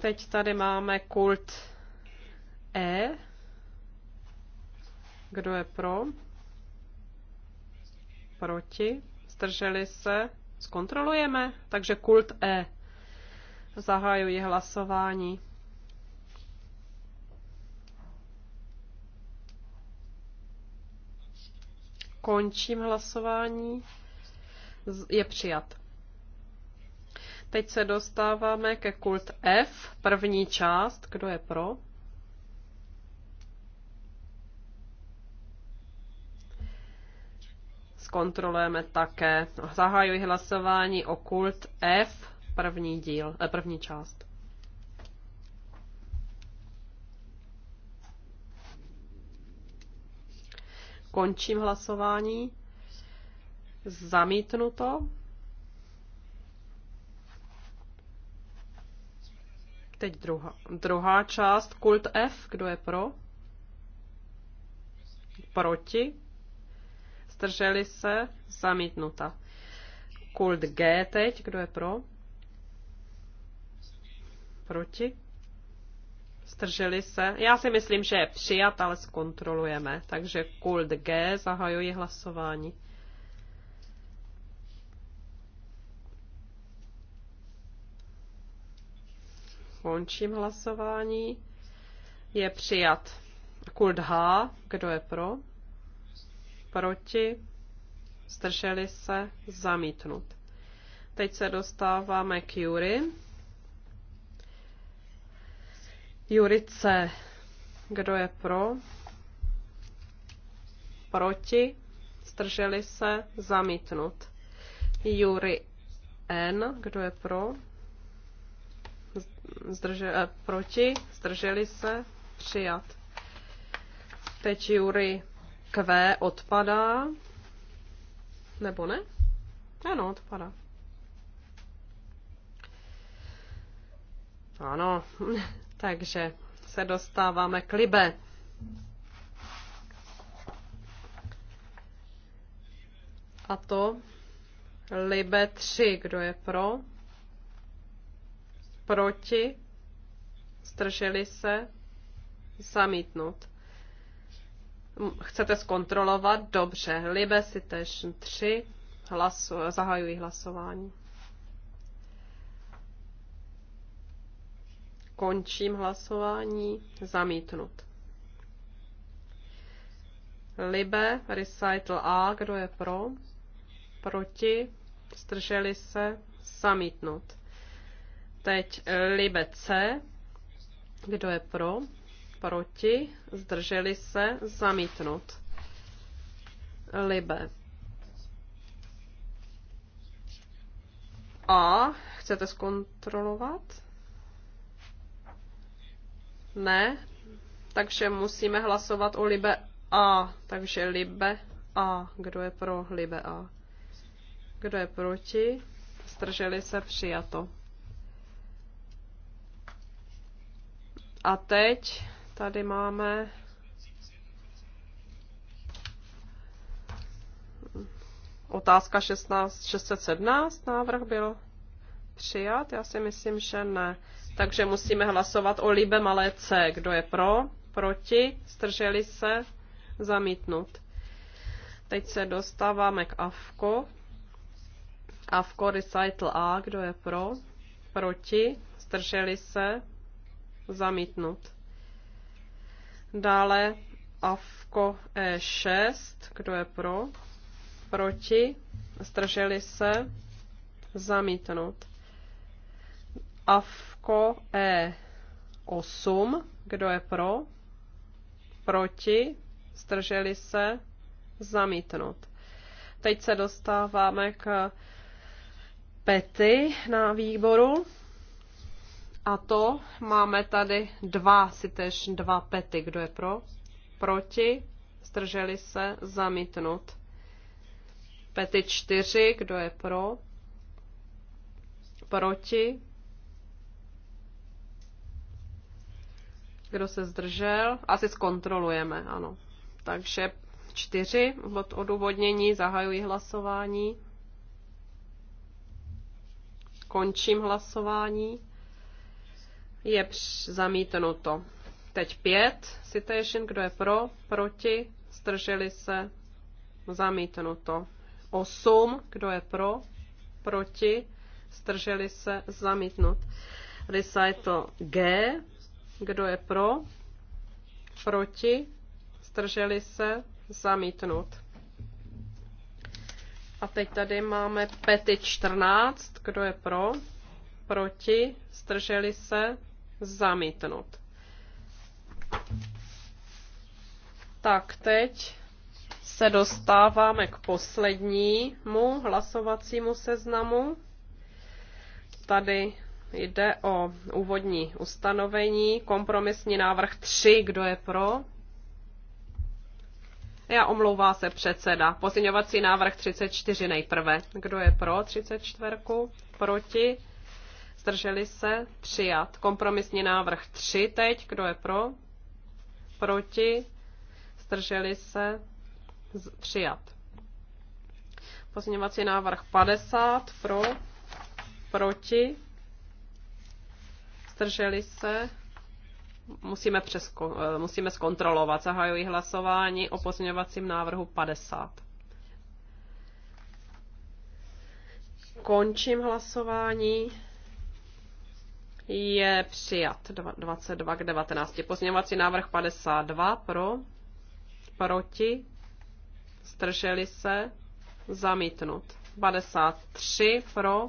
Teď tady máme Kult E. Kdo je pro? Proti? Zdrželi se? Zkontrolujeme. Takže Kult E. Zahajuji hlasování. Končím hlasování. Je přijat. Teď se dostáváme ke kult F, první část. Kdo je pro? Zkontrolujeme také. Zahajuji hlasování o kult F, první díl, eh, první část. Končím hlasování. Zamítnuto. Teď druhá, druhá část, kult F, kdo je pro? Proti? Zdrželi se? Zamítnuta. Kult G teď, kdo je pro? Proti? Zdrželi se? Já si myslím, že je přijat, ale zkontrolujeme. Takže kult G, zahajuji hlasování. Končím hlasování. Je přijat kult H. Kdo je pro? Proti? Zdrželi se? Zamítnut. Teď se dostáváme k Jury. Jurice, kdo je pro? Proti? Zdrželi se? Zamítnut. Jury N, kdo je pro? Zdrže, eh, proti? Zdrželi se? Přijat. Teď Jury Q odpadá. Nebo ne? Ano, odpadá. Ano. (laughs) Takže se dostáváme k Libe. A to Libe 3. Kdo je pro? Proti? strželi se? zamítnout. Chcete zkontrolovat? Dobře. Libe si tež 3. Hlasu, zahajuji hlasování. Končím hlasování. Zamítnut. Libe, recital A, kdo je pro? Proti, zdrželi se, zamítnut. Teď eh, Libe C, kdo je pro? Proti, zdrželi se, zamítnut. Libe. A, chcete zkontrolovat? Ne, takže musíme hlasovat o libe A. Takže libe A. Kdo je pro libe A? Kdo je proti? Strželi se přijato. A teď tady máme otázka 16, 617 návrh byl přijat. Já si myslím, že ne takže musíme hlasovat o libe malé c. Kdo je pro? Proti? Strželi se? Zamítnut. Teď se dostáváme k AFKO. AFKO Recital A. Kdo je pro? Proti? Strželi se? Zamítnut. Dále AFKO E6. Kdo je pro? Proti? Strželi se? Zamítnut. AFKO Avko E8. Kdo je pro? Proti? Zdrželi se? Zamítnut. Teď se dostáváme k pety na výboru. A to máme tady dva, si tež dva pety. Kdo je pro? Proti? Zdrželi se? Zamítnut. Pety čtyři. Kdo je pro? Proti? Kdo se zdržel? Asi zkontrolujeme, ano. Takže čtyři od odůvodnění, zahajuji hlasování. Končím hlasování. Je zamítnuto. Teď pět. Citation, kdo je pro, proti, zdrželi se, zamítnuto. Osm, kdo je pro, proti, zdrželi se, zamítnut. Recital G, kdo je pro? Proti? Zdrželi se? Zamítnut. A teď tady máme pety 14. Kdo je pro? Proti? Zdrželi se? Zamítnut. Tak teď se dostáváme k poslednímu hlasovacímu seznamu. Tady Jde o úvodní ustanovení, kompromisní návrh 3, kdo je pro? Já omlouvá se předseda. Pozměňovací návrh 34 nejprve. Kdo je pro 34? Proti? Zdrželi se? Přijat. Kompromisní návrh 3 teď. Kdo je pro? Proti? Zdrželi se? Z- Přijat. Pozměňovací návrh 50 pro? Proti? zdrželi se, musíme, přesko, eh, musíme zkontrolovat. Zahajuji hlasování o pozměňovacím návrhu 50. Končím hlasování. Je přijat 22 k 19. Pozměňovací návrh 52 pro, proti, zdrželi se, zamítnut. 53 pro,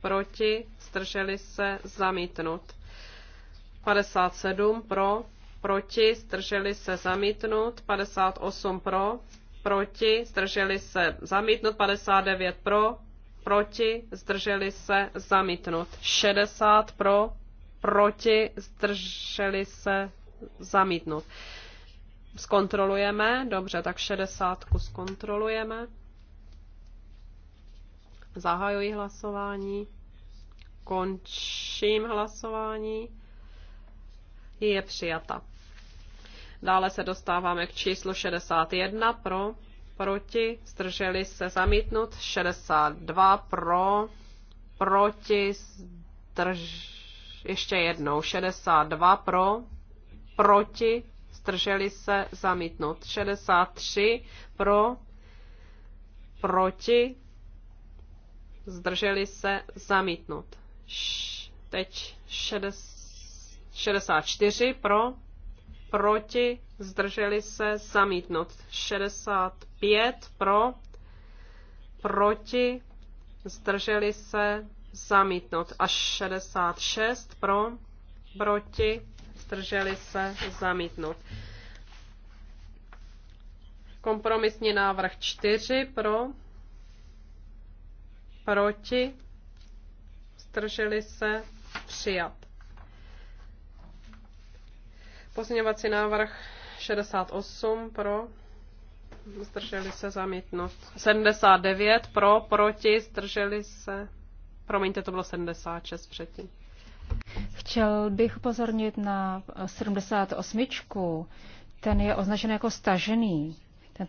proti, zdrželi se, zamítnut. 57 pro, proti, zdrželi se, zamítnut. 58 pro, proti, zdrželi se, zamítnut. 59 pro, proti, zdrželi se, zamítnut. 60 pro, proti, zdrželi se, zamítnut. Zkontrolujeme, dobře, tak 60 zkontrolujeme. Zahajuji hlasování. Končím hlasování. Je přijata. Dále se dostáváme k číslu 61 pro, proti, zdrželi se zamítnut, 62 pro, proti, zdrž... ještě jednou, 62 pro, proti, zdrželi se zamítnut, 63 pro, proti, zdrželi se zamítnut teď 64 pro, proti, zdrželi se, zamítnout. 65 pro, proti, zdrželi se, zamítnout. Až 66 pro, proti, zdrželi se, zamítnout. Kompromisní návrh 4 pro, proti, zdrželi se, přijat. Pozměňovací návrh 68 pro, zdrželi se zamítnout. 79 pro, proti, zdrželi se. Promiňte, to bylo 76 předtím. Chtěl bych upozornit na 78. Ten je označen jako stažený. Ten,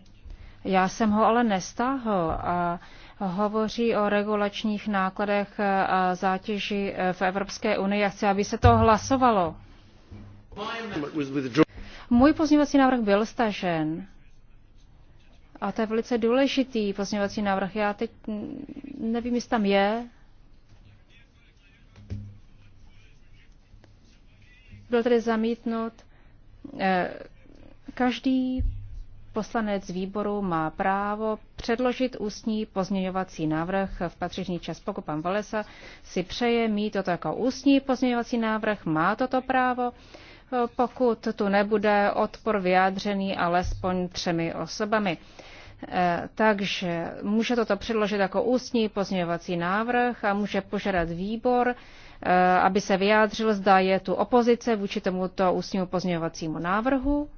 já jsem ho ale nestáhl a hovoří o regulačních nákladech a zátěži v Evropské unii a chci, aby se to hlasovalo. Můj pozměňovací návrh byl stažen. A to je velice důležitý pozměňovací návrh. Já teď nevím, jestli tam je. Byl tedy zamítnut eh, každý poslanec výboru má právo předložit ústní pozměňovací návrh v patřičný čas. Pokud pan Valesa si přeje mít toto jako ústní pozměňovací návrh, má toto právo. Pokud tu nebude odpor vyjádřený alespoň třemi osobami. Eh, takže může toto předložit jako ústní pozměňovací návrh a může požádat výbor, eh, aby se vyjádřil, zda je tu opozice vůči tomuto ústnímu pozměňovacímu návrhu.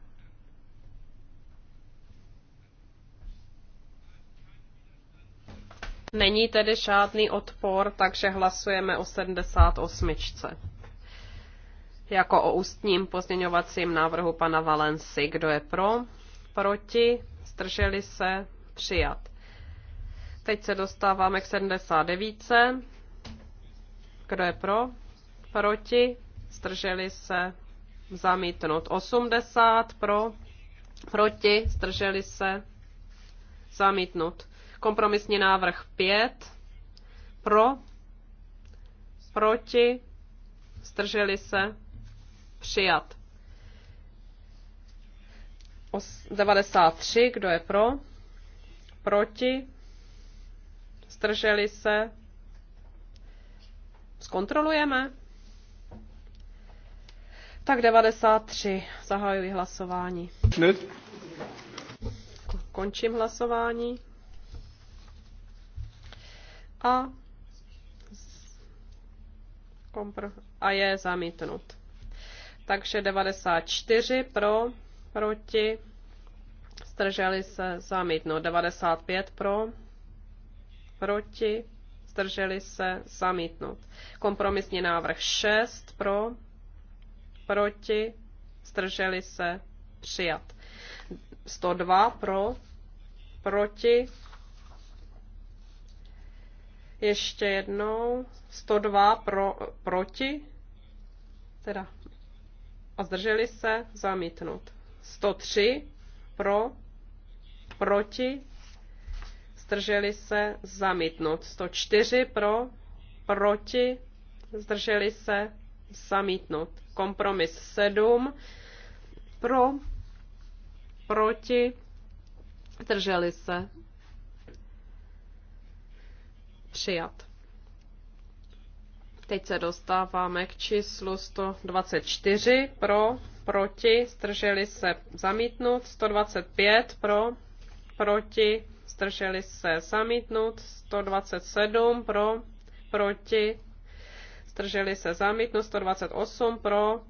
Není tedy žádný odpor, takže hlasujeme o 78. Jako o ústním pozměňovacím návrhu pana Valenci. Kdo je pro? Proti? Strželi se? Přijat. Teď se dostáváme k 79. Kdo je pro? Proti? Strželi se? Zamítnut. 80 pro? Proti? Strželi se? Zamítnut. Kompromisní návrh 5. Pro. Proti. Zdrželi se. Přijat. 93. Kdo je pro? Proti. Zdrželi se. Zkontrolujeme. Tak 93. Zahajuji hlasování. Končím hlasování a, a je zamítnut. Takže 94 pro, proti, strželi se zamítnut. 95 pro, proti, strželi se zamítnout. Kompromisní návrh 6 pro, proti, strželi se přijat. 102 pro, proti, ještě jednou. 102 pro, proti. Teda. A zdrželi se zamítnout. 103 pro, proti. Zdrželi se zamítnout. 104 pro, proti. Zdrželi se zamítnout. Kompromis 7 pro, proti. Zdrželi se Přijat. Teď se dostáváme k číslu 124 pro, proti, strželi se zamítnout, 125 pro, proti, strželi se zamítnout, 127 pro, proti, strželi se zamítnout, 128 pro,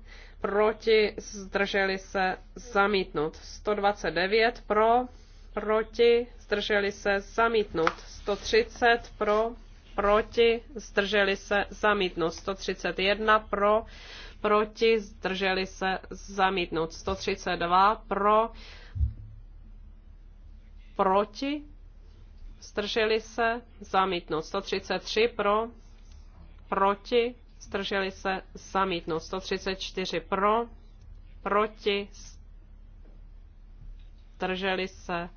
proti, zdrželi se zamítnout, 129 pro, proti, zdrželi se, zamítnut. 130 pro, proti, zdrželi se, zamítnut. 131 pro, proti, zdrželi se, zamítnut. 132 pro, proti, zdrželi se, zamítnout. 133 pro, proti, zdrželi se, zamítnout. 134 pro, proti, zdrželi se,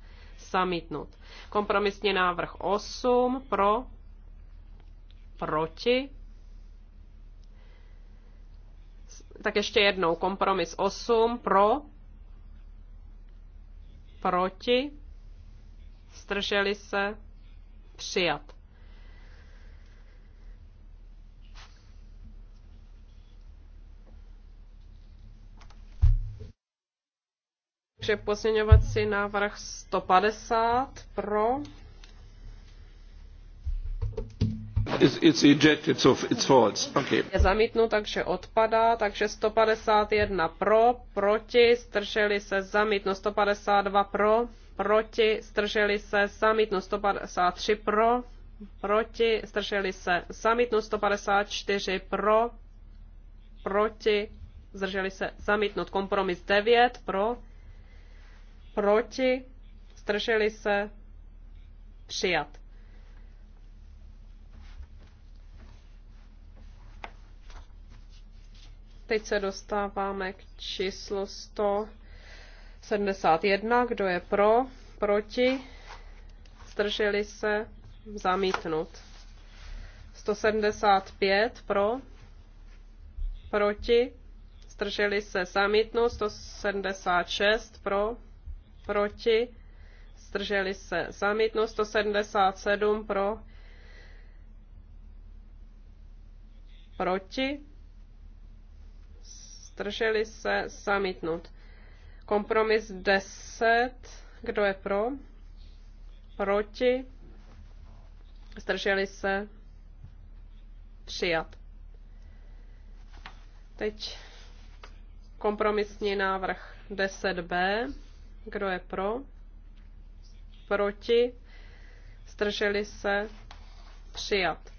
zamítnut. Kompromisní návrh 8 pro, proti. Tak ještě jednou, kompromis 8 pro, proti, strželi se, přijat. Takže pozměňovací návrh 150 pro. It's, it's ejected, so it's false. Okay. Je zamítnut, takže odpadá, takže 151 pro, proti, strželi se zamítnu 152 pro, proti, strželi se zamítnu 153 pro, proti, strželi se zamítnu 154 pro, proti, zdrželi se zamítnout kompromis 9 pro, proti, zdrželi se, přijat. Teď se dostáváme k číslu 171. Kdo je pro? Proti? Zdrželi se? Zamítnut. 175 pro? Proti? Zdrželi se? Zamítnut. 176 pro? proti, zdrželi se zamítnout 177 pro, proti, zdrželi se zamítnout. Kompromis 10, kdo je pro, proti, zdrželi se přijat. Teď kompromisní návrh 10b. Kdo je pro? Proti? Zdrželi se? Přijat.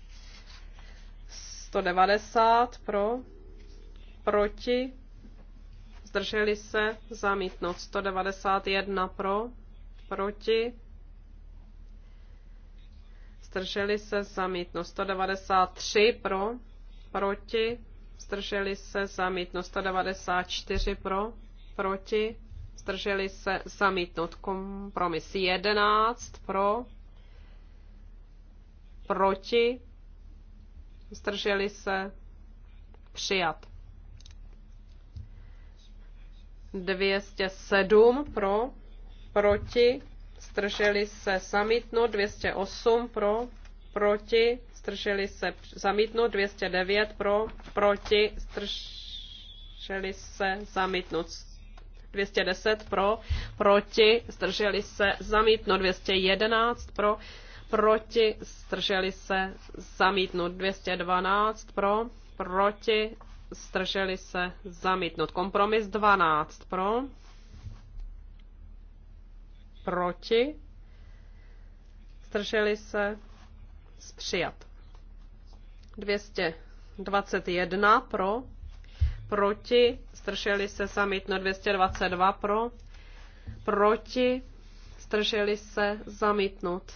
190 pro? Proti? Zdrželi se? Zamítnout. 191 pro? Proti? Zdrželi se? Zamítnout. 193 pro? Proti? Zdrželi se? Zamítnout. 194 pro? Proti? zdrželi se zamítnout kompromis 11 pro, proti, zdrželi se přijat. 207 pro, proti, zdrželi se zamítnout, 208 pro, proti, zdrželi se zamítnout, 209 pro, proti, zdrželi se zamítnout. 210 pro, proti, zdrželi se, zamítno 211 pro, proti, zdrželi se, zamítnout 212 pro, proti, zdrželi se, zamítnut Kompromis 12 pro, proti, zdrželi se, zpřijat 221 pro, proti, zdrželi se zamítnout 222 pro, proti, zdrželi se zamítnout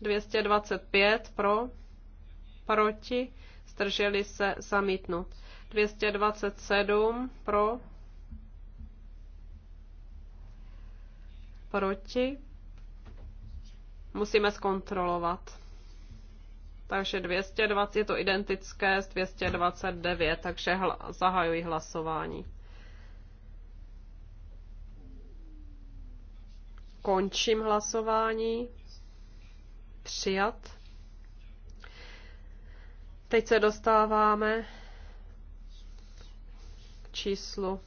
225 pro, proti, zdrželi se zamítnout 227 pro, proti, musíme zkontrolovat. Takže 220 je to identické s 229, takže hla, zahajuji hlasování. Končím hlasování. Přijat. Teď se dostáváme k číslu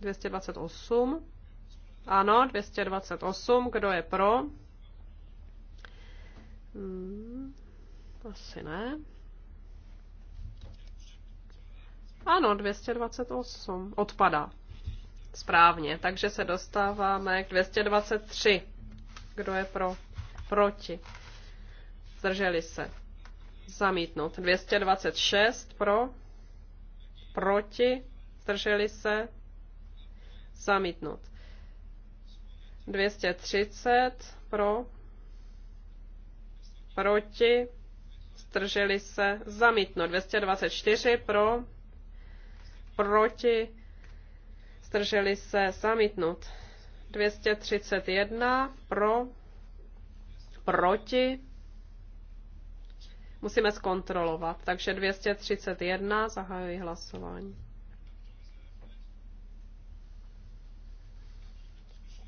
228. Ano, 228. Kdo je pro? Hmm. Asi ne. Ano, 228 odpadá. Správně, takže se dostáváme k 223. Kdo je pro? Proti. Zdrželi se. Zamítnout. 226 pro. Proti. Zdrželi se. Zamítnout. 230 pro. Proti zdrželi se, zamítno 224 pro, proti, zdrželi se, zamítnut 231 pro, proti, musíme zkontrolovat, takže 231 zahajuji hlasování.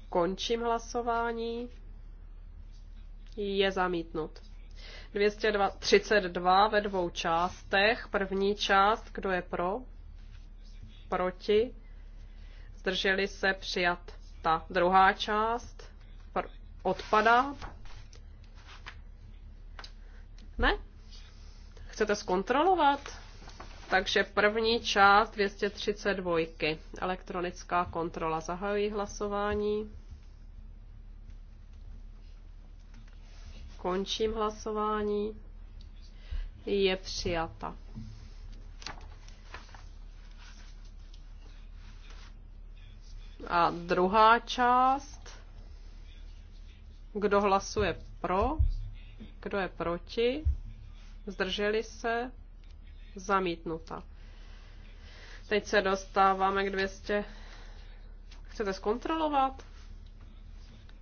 Končím hlasování. Je zamítnut. 232 ve dvou částech. První část, kdo je pro? Proti? Zdrželi se přijat. Ta druhá část pr- odpadá. Ne? Chcete zkontrolovat? Takže první část 232. Elektronická kontrola. Zahajují hlasování. Končím hlasování. Je přijata. A druhá část. Kdo hlasuje pro? Kdo je proti? Zdrželi se? Zamítnuta. Teď se dostáváme k 200. Chcete zkontrolovat?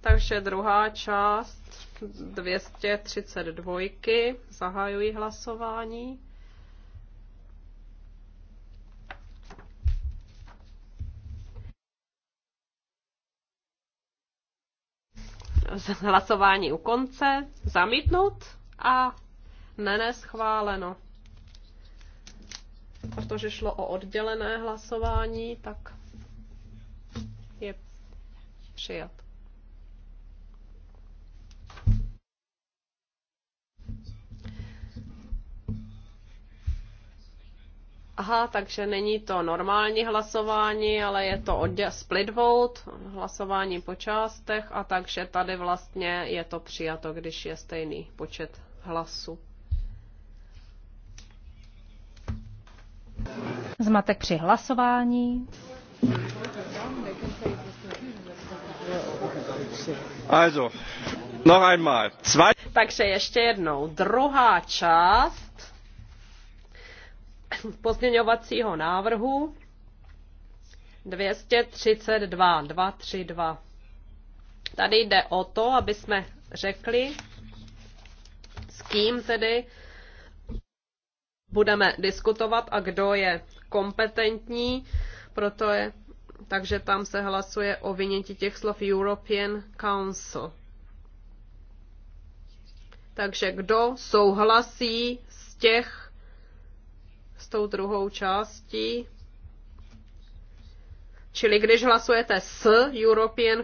Takže druhá část 232. Zahajuji hlasování. Hlasování u konce. Zamítnout a neneschváleno. Protože šlo o oddělené hlasování, tak je přijat. Aha, takže není to normální hlasování, ale je to split vote, hlasování po částech a takže tady vlastně je to přijato, když je stejný počet hlasů. Zmatek při hlasování. Also, noch einmal. Zwei... Takže ještě jednou. Druhá část pozměňovacího návrhu 232, 232. Tady jde o to, aby jsme řekli, s kým tedy budeme diskutovat a kdo je kompetentní, proto je, takže tam se hlasuje o vynětí těch slov European Council. Takže kdo souhlasí z těch s tou druhou částí. Čili když hlasujete s European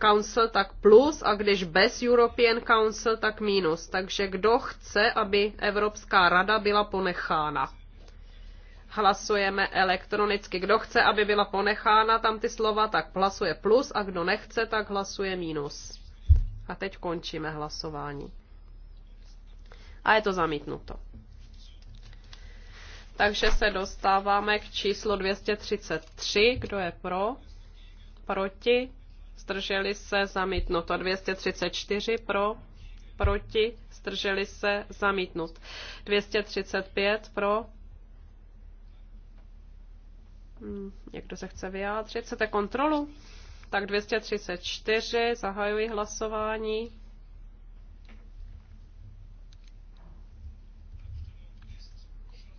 Council, tak plus a když bez European Council, tak minus. Takže kdo chce, aby Evropská rada byla ponechána? Hlasujeme elektronicky. Kdo chce, aby byla ponechána tam ty slova, tak hlasuje plus a kdo nechce, tak hlasuje minus. A teď končíme hlasování. A je to zamítnuto. Takže se dostáváme k číslu 233. Kdo je pro? Proti? Zdrželi se? Zamítnuto. 234 pro? Proti? Zdrželi se? Zamítnut. 235 pro? Hmm, někdo se chce vyjádřit? Chcete kontrolu? Tak 234, zahajuji hlasování.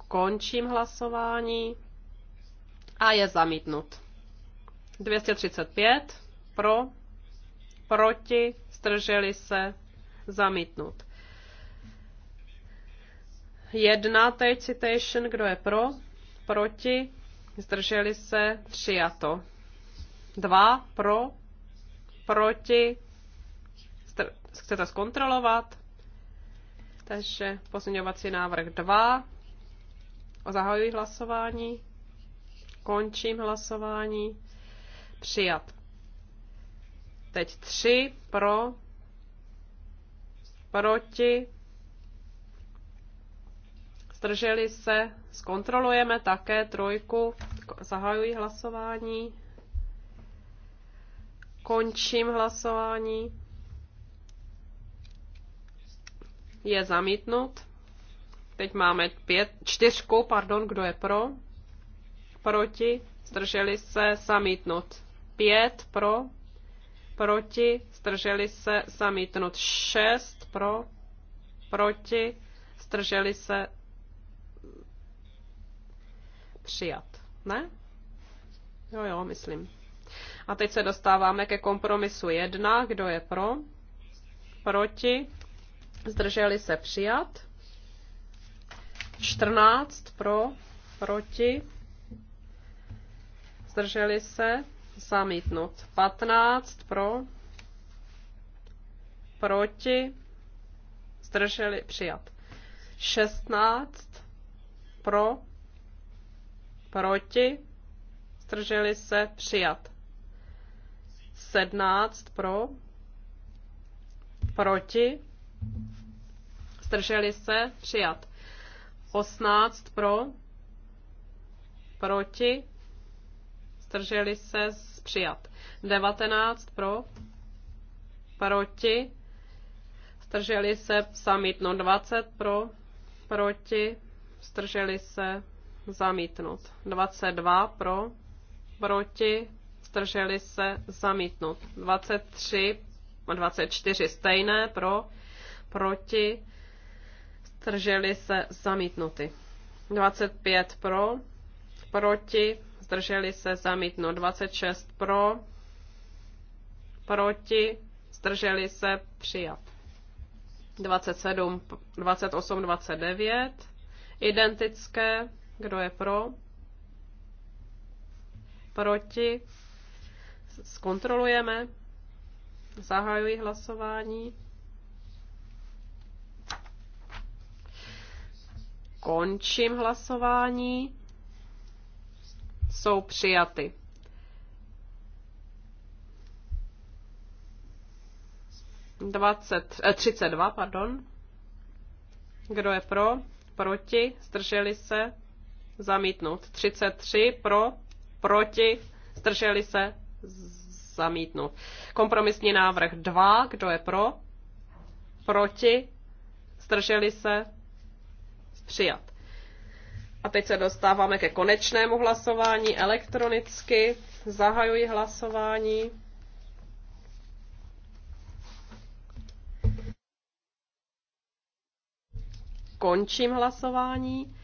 Končím hlasování a je zamítnut. 235 pro, proti, strželi se, zamítnut. Jedna teď citation, kdo je pro, proti, zdrželi se, přijato. Dva pro, proti, chcete zkontrolovat. Takže pozměňovací návrh 2, Zahajuji hlasování. Končím hlasování. Přijat. Teď tři pro, proti, zdrželi se, zkontrolujeme také trojku, zahajuji hlasování, končím hlasování, je zamítnut. Teď máme pět, čtyřku, pardon, kdo je pro? Proti, zdrželi se, zamítnut. Pět pro, proti, zdrželi se, zamítnut. Šest pro, proti, zdrželi se, přijat. Ne? Jo, jo, myslím. A teď se dostáváme ke kompromisu jedna. Kdo je pro? Proti? Zdrželi se přijat? 14 pro, proti, zdrželi se, zamítnut. 15 pro, proti, zdrželi, přijat. 16 pro, proti, zdrželi se, přijat. 17 pro, proti, zdrželi se, přijat. 18 pro, proti, zdrželi se, přijat. 19 pro, proti, zdrželi se, zamítnout. 20 pro, proti, zdrželi se, zamítnout. 22 pro, proti, zdrželi se, zamítnout. 23 a 24 stejné pro, proti, zdrželi se zamítnuty. 25 pro, proti, zdrželi se zamítnout. 26 pro, proti, zdrželi se přijat. 27, 28, 29, identické, kdo je pro, proti, zkontrolujeme, zahajují hlasování. Končím hlasování. Jsou přijaty. Dvacet, eh, 32, pardon. Kdo je pro? Proti? Zdrželi se? Zamítnut. 33 pro? Proti? Zdrželi se? Zamítnut. Kompromisní návrh 2. Kdo je pro? Proti? Zdrželi se? Přijat. A teď se dostáváme ke konečnému hlasování elektronicky. Zahajuji hlasování. Končím hlasování.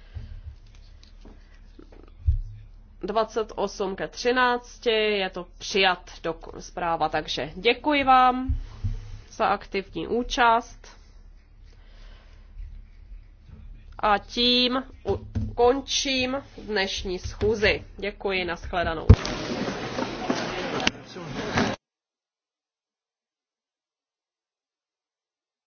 28 ke 13 je to přijat do zpráva, takže děkuji vám za aktivní účast. A tím končím dnešní schůzi. Děkuji, nashledanou.